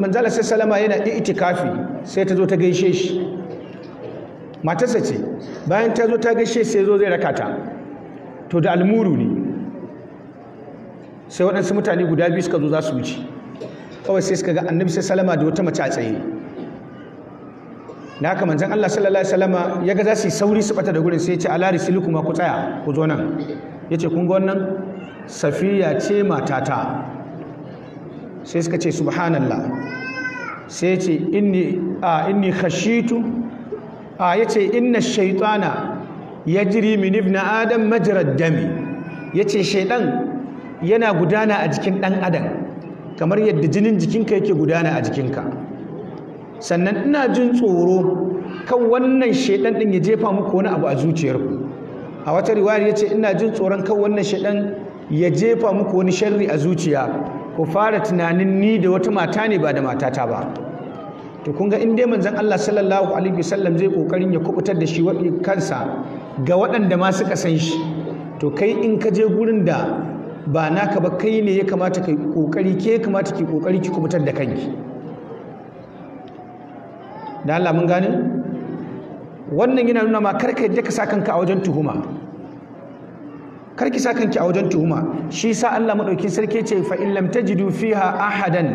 manzala sai salama yana itikafi sai ta zo ta gaishe shi matarsa ce bayan ta zo ta gaishe sai zo zai rakata to da almuru ne sai waɗansu mutane guda biyu suka zo za su wuce kawai sai suka ga annabi sai salama da wata mace a tsaye na haka manzan Allah sallallahu alaihi ya ga za su yi sauri su bata da gurin sai ya ce ala silikuma ku tsaya ku zo nan ya ce kun ga wannan safiya ce matata sai suka ce subhanallah sai ce inni khashitu a ce inna shaytana yajri adam majirar dami yace shaydan yana gudana a jikin dan adam kamar yadda jinin jikinka yake gudana a jikinka sannan ina jin tsoro kan wannan shaidan din ya jefa muku wani abu a zuciyarku a wata riwaya yace ina jin tsoron kan wannan shaidan ya jefa muku wani sharri a zuciya ku fara tunanin ni da wata mata ne ba da matata ba to kun ga in dai manzon Allah sallallahu alaihi wasallam zai kokarin ya kubutar da shi kansa ga waɗanda ma suka san shi to kai in ka je gurin da ba naka ba kai ne ya kamata kai kokari ke ya kamata ki kokari ki kubutar da kanki da Allah mun gane wannan yana nuna ma karka yadda ka sa kanka a wajen tuhuma kar ki sa kanki a wajen tuhuma shi sa Allah madaukin sarki ce fa in lam tajidu fiha ahadan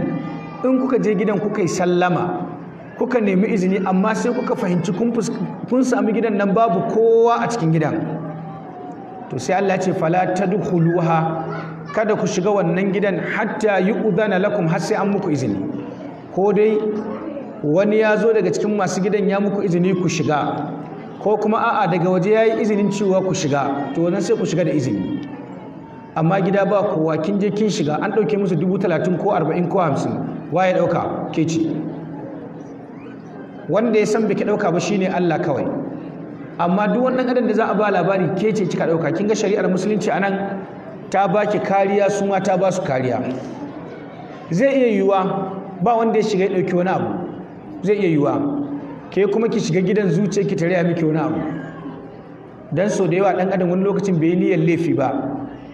in kuka je gidan kuka yi sallama kuka nemi izini amma sai kuka fahimci kun sami gidan nan babu kowa a cikin gidan to sai Allah ce fala tadkhuluha kada ku shiga wannan gidan hatta yu'dhana lakum har sai an muku izini ko dai wani ya zo daga cikin masu gidan ya muku izini ku shiga ko kuma a'a daga waje ya yi izinin cewa ku shiga to wannan sai ku shiga da izini amma gida ba kowa kin je kin shiga an ɗauke musu dubu talatin ko arba'in ko hamsin wa ya ɗauka ke ce wanda ya san baki ɗauka ba shine Allah kawai amma duk wannan adan da za a ba labari ke ce kika ɗauka kin ga shari'ar musulunci anan ta ba baki kariya su ma ta ba su kariya zai iya yiwuwa ba wanda ya shiga ya ɗauki wani abu zai iya yiwuwa ke kuma ki shiga gidan zuciya ki tare miki wani abu dan so da yawa dan adam wani lokacin bai niyyar laifi ba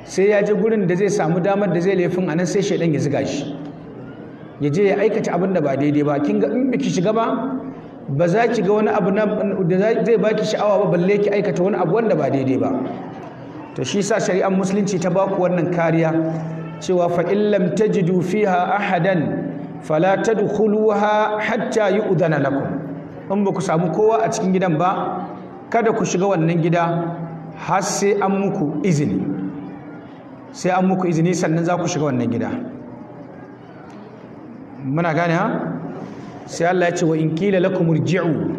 sai ya je gurin da zai samu damar da zai laifin a nan sai shaidan ya ziga shi ya je ya aikata abin da ba daidai ba kin ga in biki shiga ba ba za ki ga wani abu da zai baki sha'awa ba balle ki aikata wani abu wanda ba daidai ba to shi sa shari'ar musulunci ta baku wannan kariya cewa fa in lam tajidu fiha ahadan fala tadkhuluha hatta yu'dana lakum in ba ku samu kowa a cikin gidan ba kada ku shiga wannan gida har sai an muku izini sai an muku izini sannan za ku shiga wannan gida muna gane ha sai Allah ya ce wa in kila lakum urji'u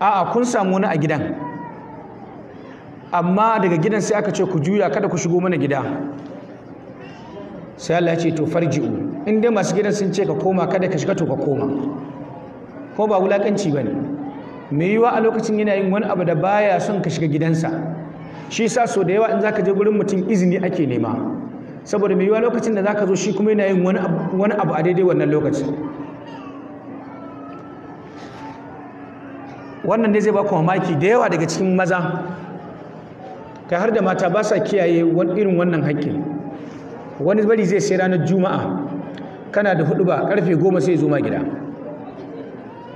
a'a kun samu wani a gidan amma daga gidan sai aka ce ku juya kada ku shigo mana gida sai Allah ya ce to farji'u in dai masu gidan sun ce ka koma kada ka shiga to ka koma ko ba wulakanci ba ne mai yiwa a lokacin yana yin wani abu da baya son ka shiga gidansa shi sa so da yawa in zaka je gurin mutum izini ake nema saboda mai yiwa lokacin da zaka zo shi kuma yana yin wani abu a daidai wannan lokacin wannan ne zai baku mamaki da yawa daga cikin maza kai har da mata ba sa kiyaye irin wannan haƙƙin wani bari zai sai ranar juma'a kana da hudu ba karfe goma sai zo ma gida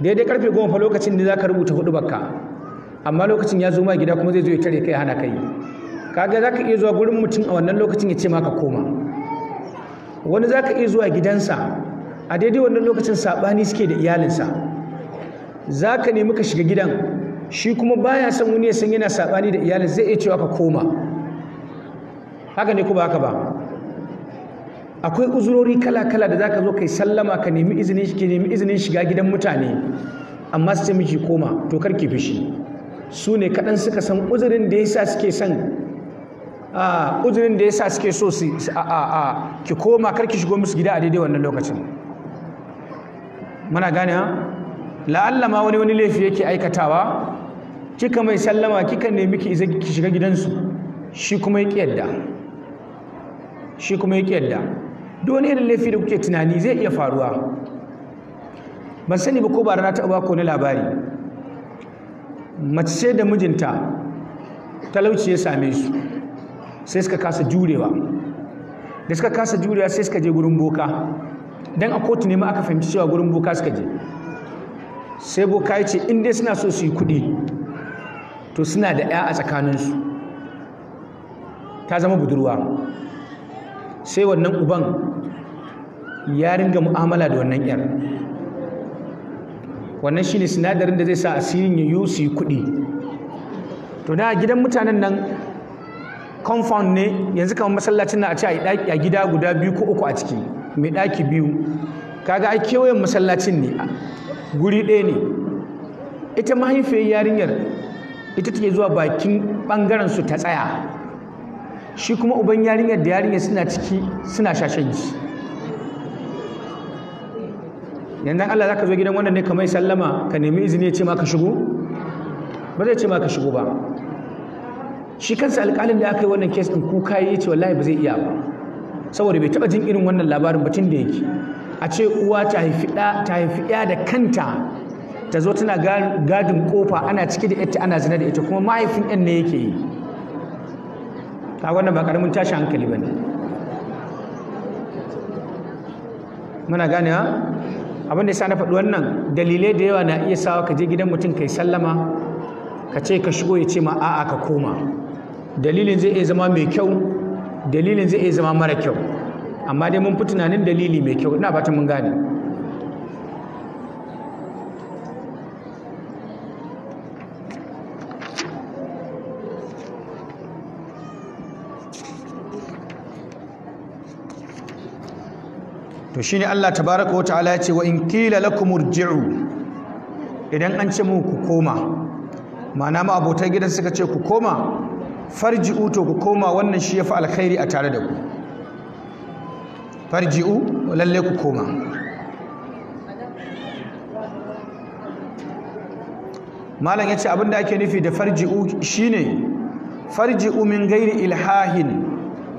daidai karfe goma fa lokacin da za ka rubuta hudu bakka amma lokacin ya zo ma gida kuma zai zo ya tare kai hana kai kaga za ka iya zuwa gurin mutum a wannan lokacin ya ce maka koma wani za ka iya zuwa gidansa a daidai wannan lokacin saɓani suke da iyalinsa za ka nemi ka shiga gidan shi kuma baya son wani ya san yana saɓani da iyalin zai iya cewa ka koma haka ne ku ba haka ba akwai uzurori kala-kala da zaka zo kai sallama ka nemi izinin shi nemi izinin shiga gidan mutane amma su ce miki koma to kar ki fishi su ne kaɗan suka san uzurin da yasa suke san a uzurin da yasa suke so su a a ki koma kar ki shigo musu gida a daidai wannan lokacin muna gane la'alla ma wani wani laifi yake aikatawa kika mai sallama kika nemi ki shiga gidansu shi kuma yake yadda shi kuma yake yadda doni irin laifi da kuke tunani zai iya faruwa ban sani ba ko ba rana taɓa ko na labari mace ce da mijinta talauci ya same su sai suka kasa jurewa da suka kasa jurewa sai suka je gurin boka dan a kotu ne ma aka fahimci cewa gurin boka suka je sai boka ya ce in dai suna so su yi kuɗi to suna da 'ya a tsakaninsu ta zama budurwa sai wannan uban ya ringa mu'amala da wannan yar wannan shine sinadarin da zai sa asirin ya yi su yi kuɗi to da gidan mutanen nan compound ne yanzu kamar masallacin na a ce a gida guda biyu ko uku a ciki mai ɗaki biyu kaga ai kewayen masallacin ne guri ɗaya ne ita mahaifiyar yarinyar ita take zuwa bakin ɓangaren su ta tsaya shi kuma uban yarinyar da yarinyar suna ciki suna shashanci yanzu Allah zaka zo gidan wannan ne kamar sallama ka nemi izini ya ce ma ka shigo ba zai ce ma ka shigo ba shi kansa alƙalin da aka yi wannan kes ɗin kuka yi ce wallahi ba zai iya ba saboda bai taɓa jin irin wannan labarin batun da yake a ce uwa ta haifi ɗa da kanta ta zo tana gadin kofa ana ciki da ita ana zina da ita kuma mahaifin ɗan ne yake yi ta wannan ba karamin tashi hankali ba ne muna gane ha abinda ya sa na faɗi wannan dalilai da yawa na iya sawa ka je gidan mutum kai sallama ka ce ka shigo ya ce ma a'a ka koma dalilin zai iya zama mai kyau dalilin zai iya zama mara kyau amma dai mun fi tunanin dalili mai kyau ina bata mun gane to ne Allah tabaraka wa ta'ala ya ce wa in kila lakum irji'u idan an ce muku ku koma ma'ana ma abotan gidan suka ce ku koma farji'u to ku koma wannan shi yafi alkhairi a tare da ku farji'u lalle ku koma malam yace abinda ake nufi da farji'u shine farji'u min gairi ilhahin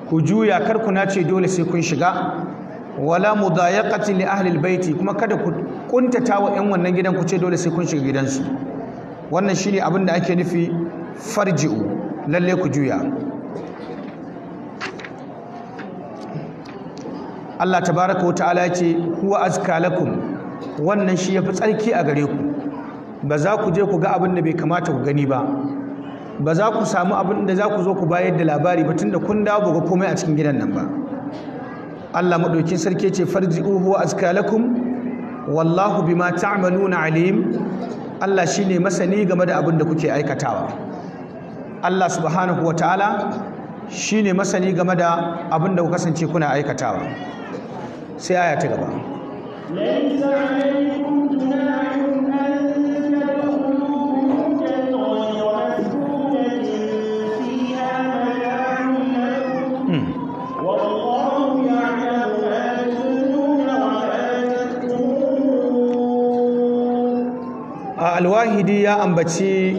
ku juya kar ku nace dole sai kun shiga wala mudayaqati li ahli baiti kuma kada ku kuntata wa ƴan wannan gidan ku ce dole sai kun shiga gidansu wannan shine abin da ake nufi farji'u lalle ku juya Allah tabaaraka wa ta'ala ya ce huwa azka lakum wannan shi yafi tsarki a gare ku ba za ku je ku ga abin da bai kamata ku gani ba ba za ku samu abin da za ku zo ku bayar da labari ba tunda kun dawo ga komai a cikin gidan nan ba Allah madaukin sarki ce farji'uhu azkalakum wallahu bima ta'maluna alim Allah shine masani game da abin da kuke aikatawa Allah subhanahu wataala shine masani game da abin da ku kasance kuna aikatawa sai aya ta gaba laysa alaykum junahun alwahidi ya ambaci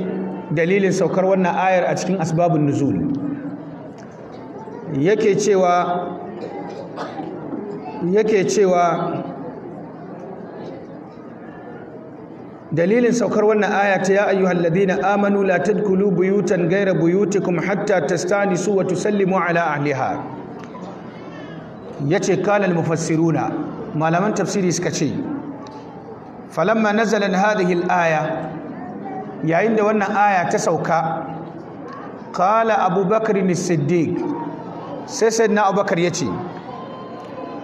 dalilin saukar wannan ayar a cikin asbabun nuzul yake cewa yake cewa dalilin saukar wannan aya ta ya ayyuhal ladina amanu la Kulu, buyutan ghayra buyutikum hatta tastanisu wa tusallimu ala ahliha yace kalal mufassiruna malaman tafsiri suka ce falamma nazalat hadihil aya yayin da wannan aya ta sauka qala abubakar as-siddiq sai na abubakar ce.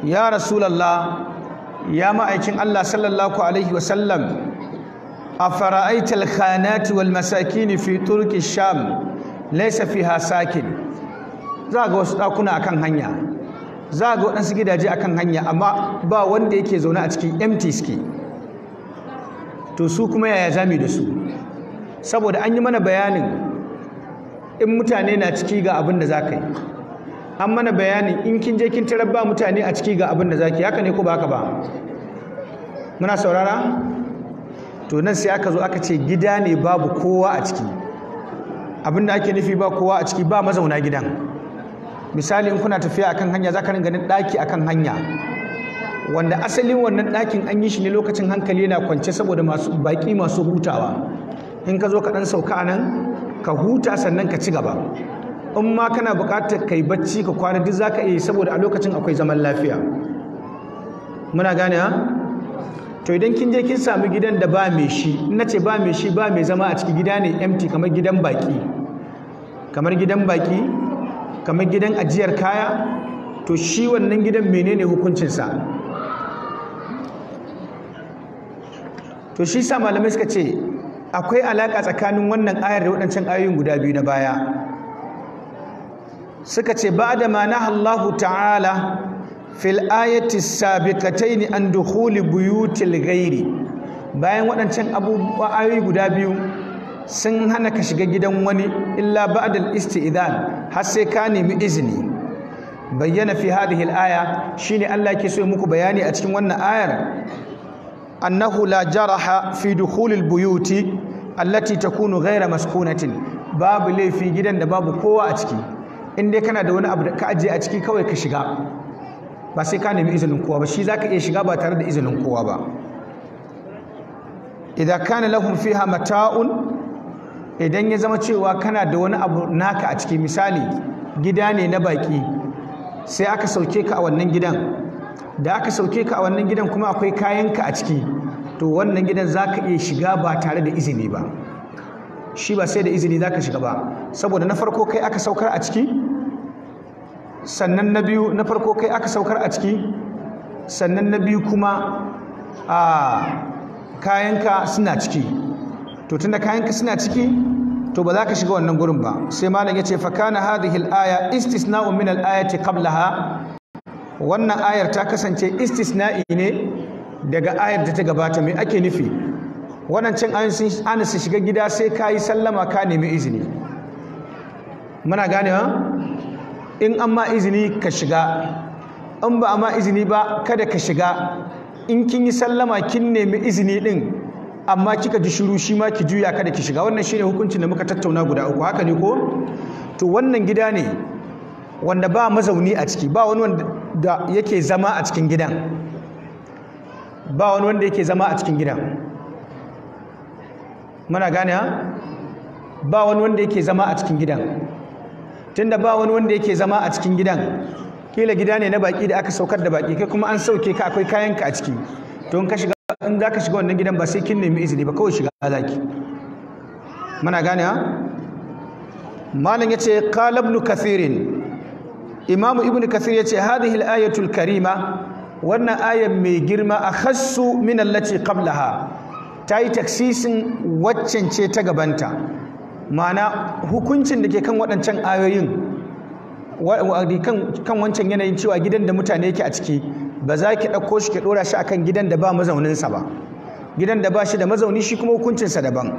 ya rasulallah ya ma'aikin Allah sallallahu alaihi wa sallam afara'aita al wal masakin fi turki sham laysa fiha sakin za ga wasu dakuna akan hanya za ga waɗansu gidaje akan hanya amma ba wanda yake zaune a cikin empty suke to su kuma yaya za yi da su saboda an yi mana bayanin in mutane na ciki ga abin da za ka yi an mana bayanin in kin je kin tarar ba mutane a ciki ga abin da za ki haka ne ko ba haka ba muna saurara to nan sai aka zo aka ce gida ne babu kowa a ciki abin da ake nufi ba kowa a ciki ba mazauna gidan misali in kuna tafiya akan hanya za ka ringa ɗaki akan hanya wanda asalin wannan ɗakin an yi shi ne lokacin hankali yana kwance saboda masu baƙi masu hutawa in ka zo ka ɗan sauka nan ka huta sannan ka ci gaba in ma kana buƙatar kai bacci ka kwana duk za ka iya saboda a lokacin akwai zaman lafiya muna gane ha to idan kin je kin sami gidan da ba mai shi in na ce ba mai shi ba mai zama a ciki gida ne empty kamar gidan baƙi kamar gidan baƙi kamar gidan ajiyar kaya to shi wannan gidan menene hukuncinsa to shi sa malamai suka ce akwai alaƙa tsakanin wannan ayar da waɗancan ayoyin guda biyu na baya suka ce ba da ma Allahu ta'ala fil ayati sabiqatayn an dukhuli buyutil ghairi bayan waɗancan abubuwa ayoyi guda biyu sun hana ka shiga gidan wani illa ba'da al-isti'dan har sai ka nemi izini bayyana fi hadhihi al-aya shine Allah yake so muku bayani a cikin wannan ayar annahu la jaraha fi dukhulil buyuti allati takunu ghaira maskunatin babu laifi gidan da babu kowa a ciki in dai kana da wani abu da ka ajiye a ciki kawai ka shiga ba sai ka nemi izinin kowa ba shi zaka iya shiga ba tare da izinin kowa ba idan kana lahum fiha mata'un idan ya zama cewa kana da wani abu naka a ciki misali gida ne na baki sai aka sauke ka a wannan gidan da aka sauke ka a wannan gidan kuma akwai kayanka a ciki to wannan gidan za ka iya shiga ba tare da izini ba shi ba sai da izini za ka shiga ba saboda na farko kai aka saukar a ciki sannan na biyu na farko kai aka saukar a ciki sannan na biyu kuma a kayanka suna ciki to tunda kayanka suna ciki to ba za ka shiga wannan gurin ba sai malam ya ce fa kana hadhihi al-aya istisna'un min al-ayati qablaha wannan ayar ta kasance istisna'i ne daga ayar da ta gabata mai ake nufi wadancan ayin sun shiga gida sai ka yi sallama ka nemi izini muna ganewa in an ma izini ka shiga in ba a ma izini ba kada ka shiga in kin yi sallama kin nemi izini din amma kika ji shiru shi ma ki juya kada ki shiga wannan shine hukuncin da muka tattauna guda uku haka ne ko to wannan gida ne wanda ba mazauni a ciki ba wani wanda da yake zama a cikin gidan ba wani wanda yake zama a cikin gidan muna gane ha ba wani wanda yake zama a cikin gidan tunda ba wani wanda yake zama a cikin gidan kila gida ne na baki da aka saukar da baki kai kuma an sauke ka akwai kayanka a ciki to in ka shiga in za ka shiga wannan gidan ba sai kin nemi izini ba kawai shiga zaki muna gane ha malam yace qala ibn kathirin imamu Ibn kasir yace hadhihi al-ayatul karima wannan ayan mai girma a akhassu min allati qablaha tayi taksisin waccan ce ta gabanta mana hukuncin da kan waɗancan ayoyin kan wancan yanayin cewa gidan da mutane yake a ciki ba za ki ɗauko shi ki ɗora shi akan gidan da ba mazauninsa ba gidan da ba shi da mazauni shi kuma hukuncinsa daban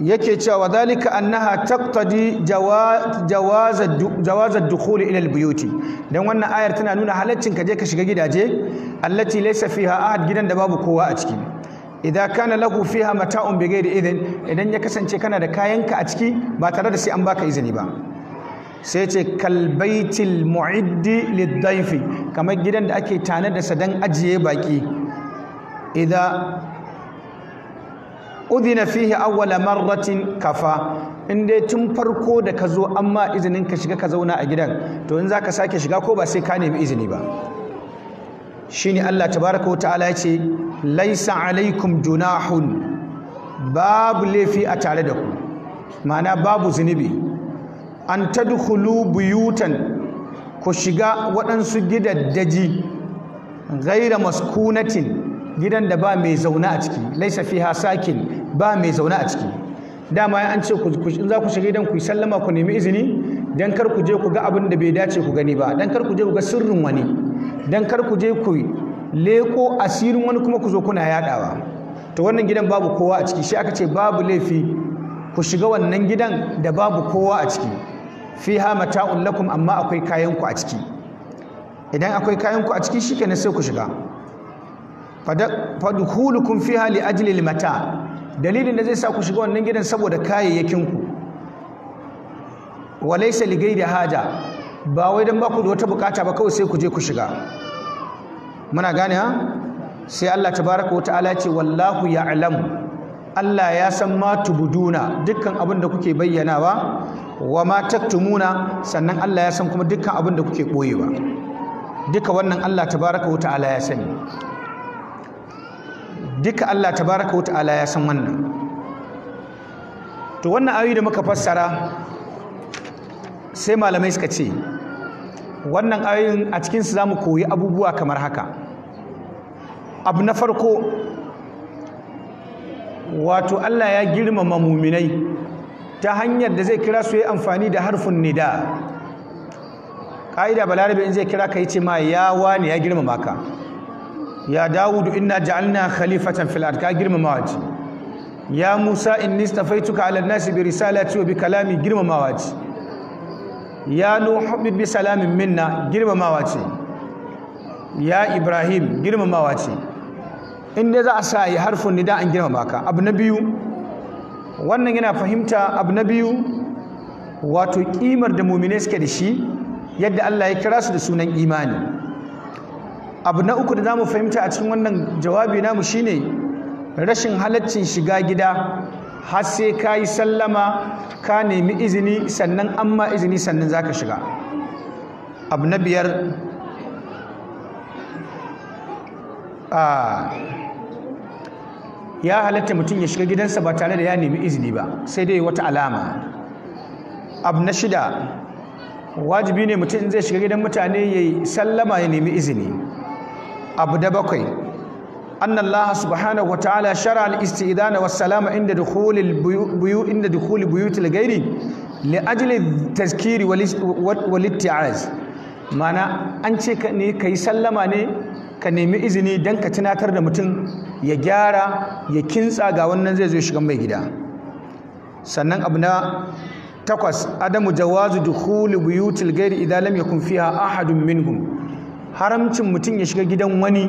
yake cewa dalika annaha taqtadi jawaza dukhul ila al-buyut dan wannan ayar tana nuna halaccin ka je ka shiga gidaje allati laysa fiha ahad gidan da babu kowa a ciki idan kana lahu fiha mata'un bighairi idhin idan ya kasance kana da kayanka a ciki ba tare da sai an baka izini ba sai ce kalbaitil mu'iddi dayfi kamar gidan da ake tanada sadan ajiye baki idan udhina fihi awwala marratin kafa in dai tun farko da ka zo amma izinin ka shiga ka zauna a gidan to in zaka sake shiga ko ba sai ka nemi izini ba shine Allah tabaaraka wa ta'ala ya ce laisa alaikum junahun babu laifi a tare da ku ma'ana babu zunubi an tadkhulu buyutan ku shiga waɗansu gidaddaji ghaira maskunatin gidan da ba mai zauna a ciki laisa fiha sakin ba mai zaune a ciki dama an ce in za ku shiga dan ku sallama ku nemi izini dan kar ku je ku ga abin da bai dace ku gani ba dan kar ku je ku ga sirrin wani dan kar ku je ku leko asirin wani kuma ku zo kuna yadawa to wannan gidan babu kowa a ciki shi aka ce babu laifi ku shiga wannan gidan da babu kowa a ciki fiha mata'un lakum amma akwai kayan ku a ciki idan akwai kayan ku a ciki shikenan sai ku shiga fadkhulukum fiha li ajli mata dalilin da zai sa ku shiga wannan gidan saboda kayayyakinku walaisa ligai da haja ba wai don baku da wata bukata ba kawai sai ku je ku shiga muna gane ha sai Allah tabaraka wa ta'ala ce wallahu ya'lam Allah ya san ma tubuduna dukkan abin da kuke bayyanawa wa ma taktumuna sannan Allah ya san kuma dukkan abin da kuke boyewa duka wannan Allah tabaraka wa ta'ala ya sani duka Allah tabaraka wa ala ya san wannan to wannan ayoyi da muka fassara sai malamai suka ce wannan ayoyin a cikinsu za mu koyi abubuwa kamar haka abu na farko wato Allah ya girmama muminai ta hanyar da zai kira su yi amfani da harfin nida Ka'ida balarabe in zai kira ka yi ce ma ya wani ya girmama ka ya dawudu inna ja'alna khalifatan fil ard ka girmamawa ya musa inni stafaituka ala nasi bi risalati wa bi kalami girmamawa ya nuhu bi salamin minna girmamawa ya ibrahim girmamawa ce in za a sa yi harfin nida an girmama ka abu na biyu wannan yana fahimta abu na biyu wato kimar da mumine suke da shi yadda Allah ya kira su da sunan imani abu na uku da mu fahimta a cikin wannan jawabi namu shine rashin halaccin shiga gida har sai ka yi sallama ka nemi izini sannan an ma izini sannan za ka shiga abu na biyar ya halatta mutum ya shiga gidansa ba tare da ya nemi izini ba sai dai wata alama abu na shida wajibi ne mutum zai shiga gidan mutane ya yi sallama ya nemi izini abu da bakwai أن الله سبحانه وتعالى شرع الاستئذان والسلام عند دخول البيوت عند دخول بيوت taskiri لأجل التذكير والاتعاز mana an ce ne ka yi sallama ne ka nemi izini don ka tunatar da mutum ya gyara ya kintsa ga wannan zai zo shigan mai gida sannan abu na takwas adamu jawazu dukhuli buyutil ghairi idan lam yakun fiha ahadun minhum haramcin mutum ya shiga gidan wani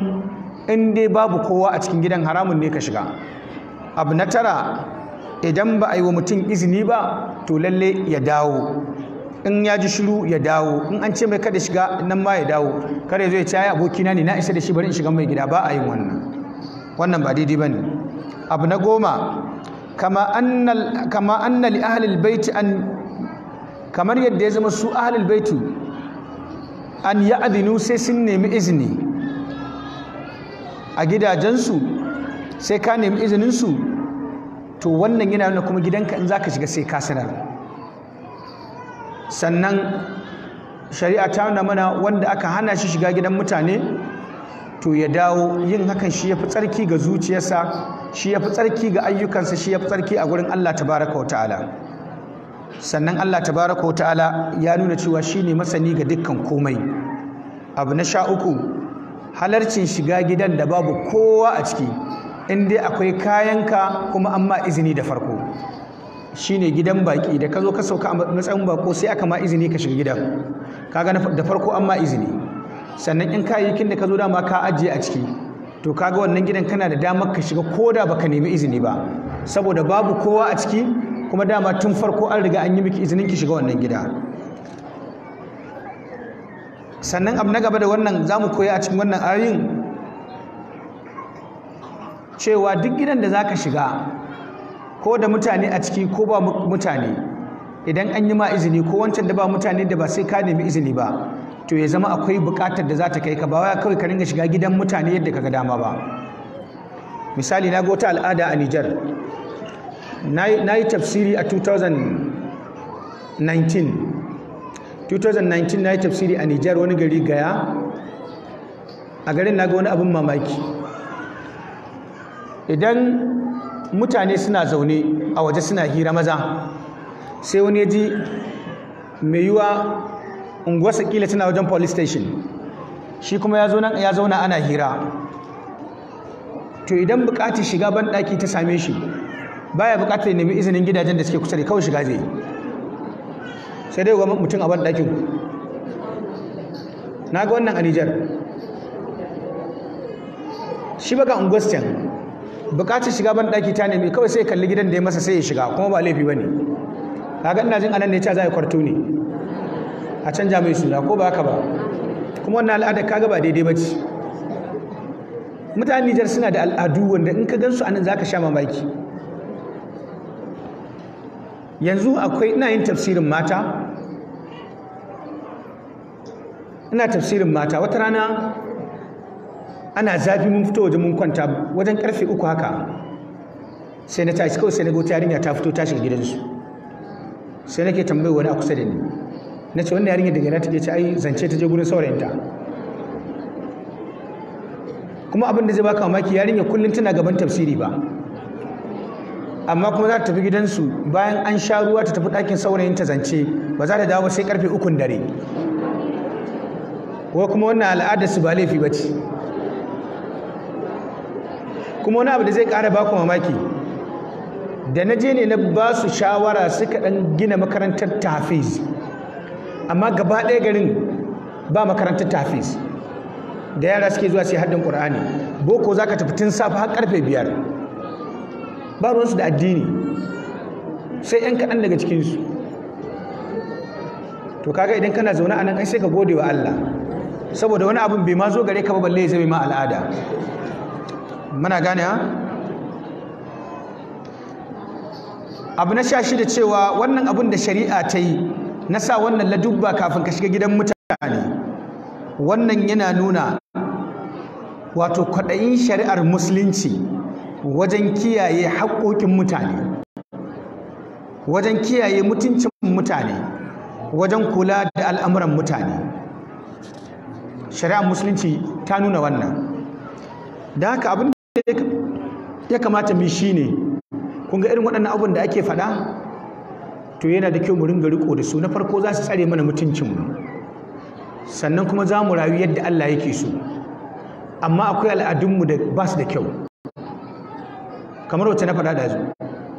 in dai babu kowa a cikin gidan haramun ne ka shiga abu na tara idan ba a yi wa mutum izini ba to lalle ya dawo in ya ji shiru ya dawo in an ce mai kada shiga nan ma ya dawo kare zai ce ai abokina ne na isa da shi bari in shiga mai gida ba a yin wannan wannan ba daidai bane abu na goma kama annal kama anna an kamar yadda ya zama su ahli baiti an ya adinu sai sun nemi izini a gidajensu sai ka nemi izininsu to wannan yana nuna kuma gidanka in za ka shiga sai ka sanar sannan shari'a ta nuna mana wanda aka hana shi shiga gidan mutane to ya dawo yin hakan shi ya fi tsarki ga zuciyarsa shi ya fi tsarki ga ayyukansa shi ya fi tsarki a gurin allah tabaraka wa ta'ala sannan Allah tabaraka ta'ala ya nuna cewa shine masani ga dukkan komai abu na sha uku halarcin shiga gidan da babu kowa a ciki in dai akwai kayanka kuma an ma izini da farko shine gidan baki da ka zo ka sauka a matsayin bako sai aka ma izini ka shiga gidan Ka ga da farko an ma izini sannan in kayayyakin da ka zo dama ka ajiye a ciki to kaga wannan gidan kana da damar ka shiga ko da baka nemi izini ba saboda babu kowa a ciki kuma dama tun farko an riga an yi miki izinin ki shiga wannan gida sannan abu na gaba da wannan za mu koya a cikin wannan ayin cewa duk gidan da za ka shiga ko da mutane a ciki ko ba mutane idan an yi ma izini ko wancan da ba mutane da ba sai ka nemi izini ba to ya zama akwai bukatar da za ta kai ka ba waya kawai ka ringa shiga gidan mutane yadda ka ga dama ba misali na ga wata al'ada a Nijar na yi tafsiri a 2019 2019 na yi tafsiri a nijar wani gari gaya a garin na ga wani abin mamaki idan mutane suna zaune a waje suna hira maza sai wani ya ji mai yiwa unguwarsa kila tana wajen police station shi kuma ya zauna ana hira to idan bukatar shiga banɗaki ta same shi baya bukatar ya nemi izinin gidajen da suke kusa da kawai shiga zai sai dai gwamnati mutum a banɗakin na ga wannan a Nijar shi baka ungustian bukatar shiga banɗaki ta nemi kawai sai kalli gidan da ya masa sai ya shiga kuma ba laifi ba ne kaga ina jin anan ne cewa za a kwarto ne a canja mai suna ko ba haka ba kuma wannan al'ada kaga ba daidai ba ce mutanen Nijar suna da al'adu wanda in ka gan su anan za ka sha mamaki yanzu akwai ina yin tafsirin mata ina tafsirin mata wata rana ana zafi mun fito waje mun kwanta wajen karfe uku haka sai na tashi kawai sai na gota yarinya ta fito shiga gidansu sai nake tambayi wani a kusa da ni na ce wannan yarinya daga ta take ce ai zance ta je gurin saurayinta kuma abin da zai baka mamaki yarinya kullum tana gaban tafsiri ba amma kuma za ta tafi gidansu bayan an sha ruwa ta tafi ɗakin saurayin ta zance ba za ta dawo sai karfe ukun dare ko kuma wannan al'adar su ba laifi ba ce kuma wani abu da zai ƙara baku mamaki da na je ne na ba su shawara suka ɗan gina makarantar tafiz amma gaba ɗaya garin ba makarantar tafiz da yara suke zuwa sai haddin ƙur'ani boko za ka tafi tun safe har ƙarfe biyar ba ruwansu da addini sai yan kaɗan daga cikinsu to kaga idan kana zaune a nan sai ka gode wa Allah saboda wani abin bai ma zo gare ka ba balle ya ma al'ada muna gane ha abu na sha shida cewa wannan abin da shari'a ta yi na sa wannan ladubba kafin ka shiga gidan mutane wannan yana nuna wato kwaɗayin shari'ar musulunci wajen kiyaye haƙoƙin mutane wajen kiyaye mutuncin mutane wajen kula da al'amuran mutane shari'a musulunci ta nuna wannan da haka abin da ya kamata shi shine kun ga irin waɗannan abin da ake faɗa to yana da kyau mu ringa riko da su na farko za su tsare mana mutuncinmu sannan kuma za mu rayu yadda Allah yake so amma akwai al'adunmu da ba su da kyau kamar wacce na faɗa da zu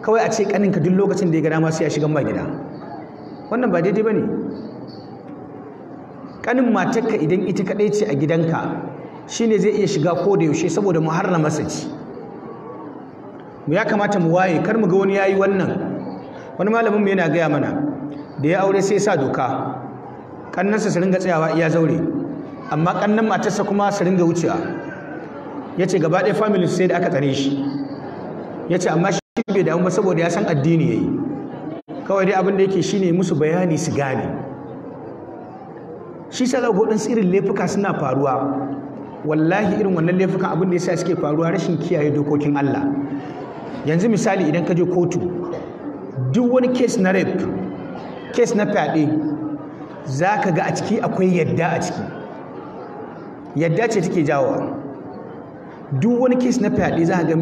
kawai a ce ƙaninka duk lokacin da ya gada masu ya shigan ma gida wannan ba daidai ba ne kanin matarka idan ita kaɗai ce a gidanka shine zai iya shiga ko da yaushe saboda mu harna masa ci mu ya kamata mu waye kar mu ga wani yayi wannan wani malamin mu yana gaya mana da ya aure sai ya sa doka kannansa su ringa tsayawa iya zaure amma kannan matarsa kuma su ringa wucewa yace gaba ɗaya family sai da aka tsare shi ya ce amma shi bai damu ba saboda ya san addini ya yi kawai dai abinda yake shi ne musu bayani su gane shi sa zaga waɗansu irin laifuka suna faruwa wallahi irin wannan laifukan abin da ya sa suke faruwa rashin kiyaye dokokin Allah yanzu misali idan ka je kotu duk wani kes na rape kes na fyaɗe za ka ga a ciki akwai yadda a ciki yadda ce take jawowa duk wani kes na fyaɗe za ga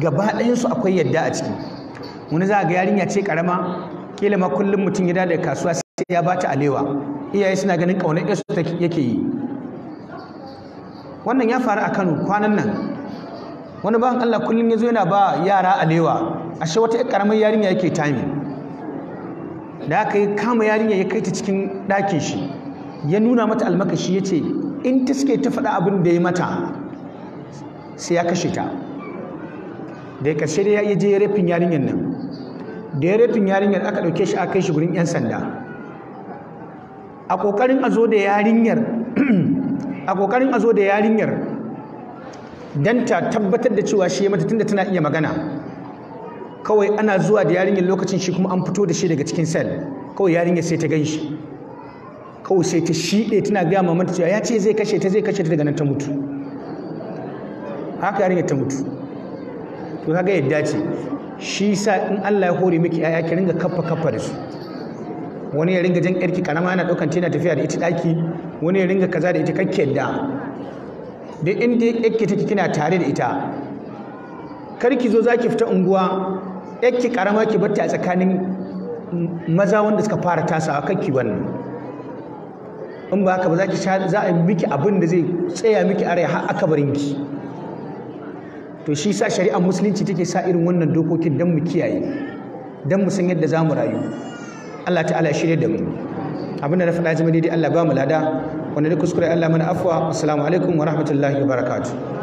gaba ɗayansu akwai yadda a ciki wani za ga yarinya ce karama kila ma kullum mutum ya daga kasuwa sai ya ba ta alewa iyaye suna ganin ƙaunar yasu yake yi wannan ya faru a Kano kwanan nan wani bawan Allah kullum ya zo yana ba yara alewa ashe wata ƙaramar yarinya yake tami da aka yi kama yarinya ya kai ta cikin ɗakin shi ya nuna mata almakashi ya ce in ta suke ta faɗa abin da ya mata sai ya kashe ta da ya sai ya je rafin yarinyar nan da ya rafin yarinyar aka dauke shi aka kai shi gurin 'yan sanda a ƙoƙarin a zo da yarinyar a don ta tabbatar da cewa shi ya mata tunda tana iya magana kawai ana zuwa da yarinyar lokacin shi kuma an fito da shi daga cikin sel kawai yarinyar sai ta gan shi kawai sai ta shiɗe tana gaya mamanta cewa ya ce zai kashe ta zai kashe ta daga nan ta mutu haka yarinya ta mutu to kaga yadda ce shi sa in Allah ya hore miki yaya ki ringa kaffa kaffa da su wani ya ringa jan ƙirki karama yana daukan tana tafiya da ita daki wani ya ringa kaza da ita kakke yadda da inda yake take kina tare da ita kar ki zo zaki fita unguwa yake karama ki batta a tsakanin maza wanda suka fara tasawa kakki wannan in ba haka ba za ki za a miki abin da zai tsaya miki rai har akabarinki to shi sa shari'ar musulunci take sa irin wannan dokokin don mu kiyaye don mu san yadda za mu rayu Allah ta'ala shirya da mu abinda na faɗa zama daidai Allah ba mu lada wanda da kuskure Allah mana afwa assalamu alaikum wa rahmatullahi wa barakatuh